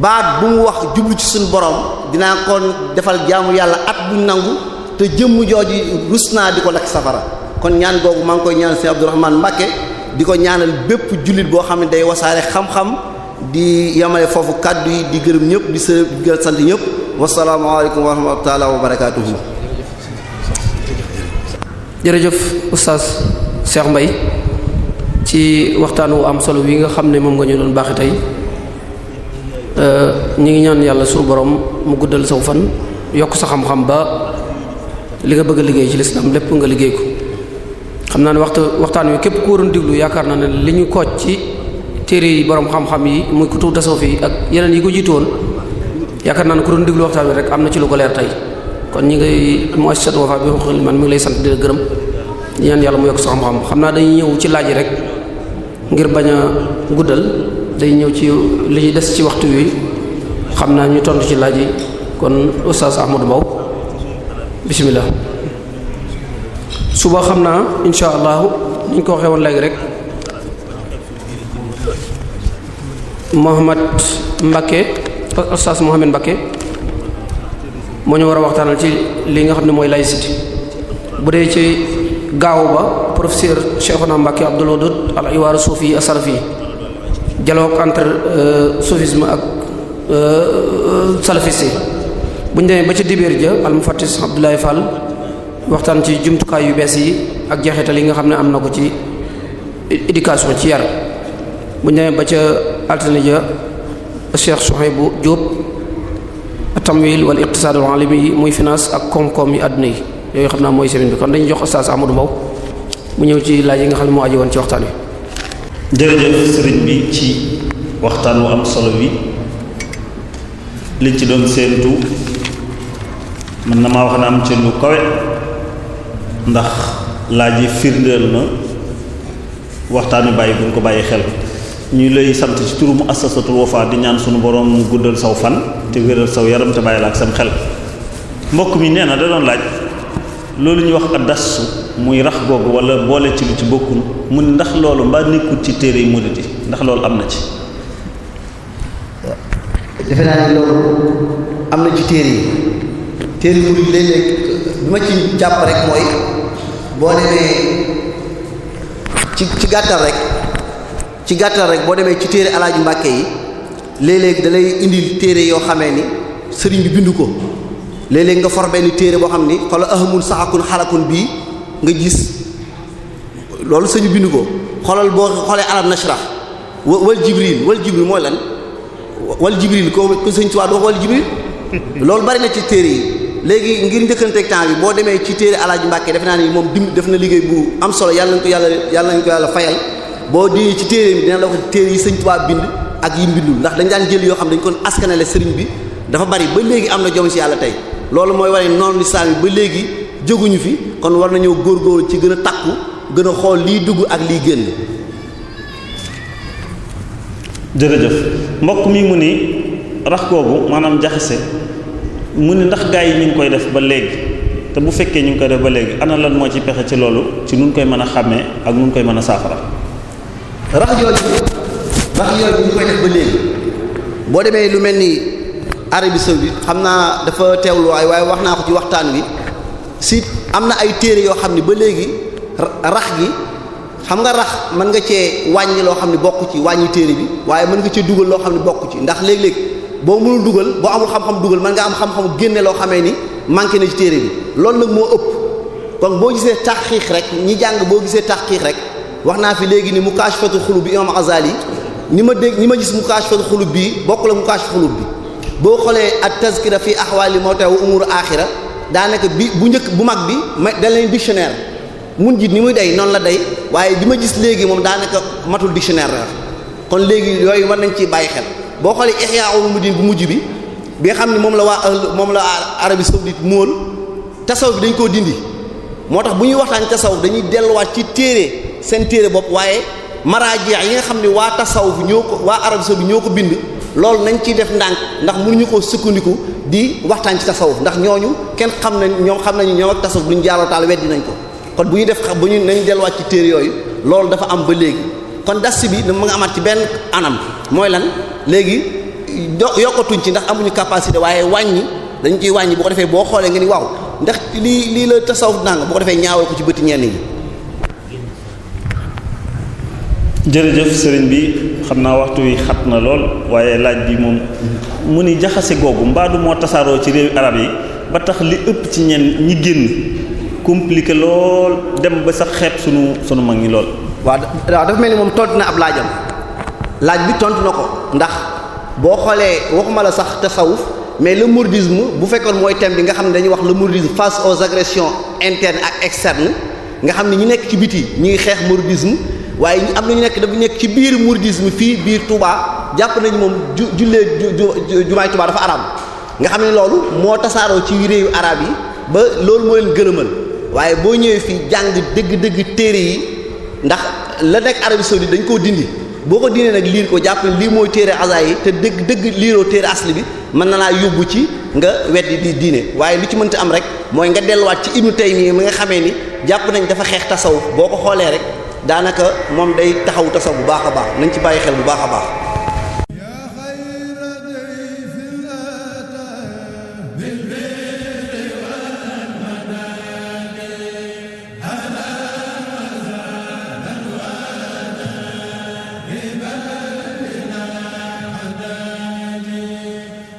baat bu mu wax jublu ci suñ boroom dinaa kon defal jaamu yàlla at buñ nangu te jëmm jooju rus naa di ko lakk safara kon ñaan googu maa ngi koy ñaan Sëriñ Abdourahmane Mbacké di ko ñaanal bépp jullit boo xam ne day wasaare xam-xam di yamale foofu kàddu yi di gërëm ñëpp di së di gërëm sant ñëpp wasalaamaaleykum wa rahmatullahi jërëjëf oustaz Cheikh Mbaye ci waxtaan wu am solo wi nga xam ne moom nga ñu doon baaxi tey euh, ñu ngi ñaan yàlla suñu borom mu guddal saw fan yokk sa xam-xam ba. li nga bëgg liggéey ci lislaam lépp nga liggéey ko xam naa ne waxtu waxtaan wi képp ku waroon diglu yaakaar naa ni li ñu kooj ci téere yi borom xam-xam yi mu kutu tasawuf yi ak yeneen yi ko jiitu woon yaakaar naa ne ku doon diglu waxtaan wi rek am na ci lu ko leer tey kon ñi ngay muassasat Wafa bi xel man mi ngi lay sant di gërëm di yàlla mu yokk sa xam-xam xam naa dañuy ñëw ci laaj rek ngir bañ a guddal day ñëw ci li ci des ci waxtu wi xam naa ñu tontu ci laaj yi kon Oustaz Ahmadou Mbow bisimilah suba xam naa incha allahu niñ ko waxee woon léegi rek Mohamed Mbacke Oustaz Mohamed Mbacke moo ñu war a waxtaanal ci lii nga xam ne mooy laïcité bu dee ci gaaw ba professeur Cheikhouna Mbacke Abdoul Wadoud al iwaar suufi asarafi dialogue entre euh, soufisme ak euh, euh, salafiste bu ñu demee ba ci dibéer ja almufattis Abdoulaye Fall waxtaan ci jumtukaay yu bees yi ak jeexital yi nga xam ne am na ko ci éducation ci yar bu ñu demee ba ca altine ja Cheikh Souhaibou bu jóob wal iqtisaad al alimi yi muy finance ak koom-koom yi àdduna yi yooyu xam naa mooy semaine bi kon dañu jox Oustaz Amadou Mbow mu ñëw ci laaj yi nga xam ne moo aju woon ci waxtaan wi jërëjëf sëriñ bi ci waxtaan wu am solo bi liñ ci doon séentu mën na maa wax na am ci lu kawe ndax laaj yi firndeel na waxtaanu bàyyi buñ ko bàyyi xel ñu lay sant ci turu mu assasatul Wafa di ñaan sunu boroom mu guddal saw fan te wéral saw yaram te bàyyi la ak sam xel mbokk mi nee na da laaj loolu ñu wax addasu muy rax googu wala boole ci lu ci bokkul mu ndax loolu mbaa nekkul ci téere yi murid yi ndax loolu am na ci defe naa ne loolu am na ci téere yi téere murid léeg-léeg bi ma ci jàpp rek mooy boo demee ci ci gàttal rek ci gàttal rek boo demee ci téere alaaju mbàkke yi léeg-léeg da lay téere yoo xamee ni sëriñ bi bindu ko léeg nga for benn téere boo xam ni xolo ahamul saxakun xalakun bii nga gis loolu sëñu bindu ko xolal boo xoolee alam nashrah wal jibril wal jibril mooy lan wal jibril ko ko sëñ Tuubaa doo wal jibril loolu bari na ci téere yi léegi ngir njëkkanteeg temps bi boo demee ci téere Alaaji Mbàkke defe naa ni moom dim def na liggéey bu am solo yàlla nañ ko yàlla yàlla nañ ko yàlla fayal boo di ci téere bi dina la ko téere yi sëñ Tuubaa bind ak yi mbindul ndax dañ daan jël yoo xam dañ kon askanale sëriñ bi dafa bari ba léegi am na jom si yàlla tey loolu mooy waree noonu lislaam yi ba léegi jóguñu fi kon war nañoo góor ci gën a takku gën a xool lii dugg ak lii génn jërëjëf mbokk mi mu ni rax googu maanaam jaxase mu ne ndax gaa yi ñu ngi koy def ba léegi te bu fekkee ñu ngi koy def ba léegi ana lan moo ci pexe ci loolu ci nun koy mën a xàmmee ak nun koy mën a saafara. rax yooyu rax ñu koy def ba léegi boo demee lu mel ni Arabie saoudite xam naa dafa teew waaye waaye wax naa ko ci waxtaan wi si am na ay téere yoo xam ne ba léegi rax gi xam nga rax mën nga cee wàññi loo xam ne bokk ci wàññi téere bi waaye mën nga cee dugal loo xam ne bokk ci ndax léeg-léeg. boo mënul dugal boo amul xam-xam dugal man nga am xam-xamu génne loo xamee ni manqué na ci téere bi loolu nag moo ëpp kon boo gisee taxqiq rek ñi jàng boo gisee taxqiq rek wax naa fi léegi ni mu mukaashfatu xulub bi imam Ghazali ni ma dégg ni ma gis mukaashfatu xulub bi bokk la mukaashfatu xulub bi boo xoolee at tazkira fi ahwaali mawti wa umur aaxira daanaka bi bu njëkk bu mag bi ma da leen dictionnaire mun ji ni muy day noonu la day waaye bi ma gis léegi moom daanaka matul dictionnaire la kon léegi yooyu war nañ ci bàyyi xel boo xoolee Ihyaa'ul umm Mudin bu mujj bi bi nga xam ne moom la waa moom la Arabie saoudite móol tasaw bi dañ koo dindi moo tax bu ñuy waxtaan tasaw dañuy delluwaat ci téere seen bopp waaye maraajeex yi nga xam ne waa tasaw bi ñoo ko waa Arabie saoudite ñoo ko bind loolu nañ ciy def ndànk ndax mënuñu koo sukkandiku di waxtaan ci tasawuf ndax ñooñu kenn xam nañ ñoom xam nañu ñoom ak tasawuf duñ jaaroo taal weddi nañ ko kon bu ñu def bu ñu nañ delluwaat ci téere yooyu loolu dafa am ba léegi kon das bi mu nga amaat ci benn anam mooy lan léegi yokkatuñ ci ndax amuñu capacité waaye wàññi dañ ciy wàññi boo ko defee boo xoolee nga ni waaw ndax lii lii la tasawuf nanga bu ko defee ñaawal ko ci bëti ñenn yi jërëjëf sëriñ bi xam naa waxtu wi xat na lool waaye laaj bi moom mu ni jaxase googu mbaadu moo tasaaroo ci réewi arab yi ba tax li ëpp ci ñenn ñi génn compliqué lool dem ba sax xeet sunu sunu mag ñi lool waaw waaw dafa mel ni moom tontu na ab laajam laaj bi tontu na ko ndax boo xoolee waxuma la sax tasawuf mais le mouridisme bu fekkoon mooy thème bi nga xam ne dañuy wax le mouridisme face aux agressions internes ak externes nga xam ne ñu nekk ci biti ñuy xeex mouridisme waaye am na ñu nekk dafa nekk ci biir mouridisme fii biir Touba jàpp nañu moom ju jullee jumaay Touba dafa arab nga xam ne loolu moo tasaaroo ci réewu arab yi ba loolu moo leen gën a mën waaye boo ñëwee fii jàng dëgg-dëgg téere yi. ndax la nekk Arabie saoudite dañ koo dindi boo ko dindee nag liir ko jàpp ne lii mooy téere aza yi te dëgg dëgg liiroo téere asli bi mën na laa yóbbu ci nga weddi di diine waaye lu ci mënta am rek mooy nga delluwaat ci Ibnu Taymi mi nga xamee ni jàpp nañ dafa xeex tasawuf boo ko xoolee rek daanaka moom day taxaw tasawuf bu baax a baax nañ ci bàyyi xel bu baax a baax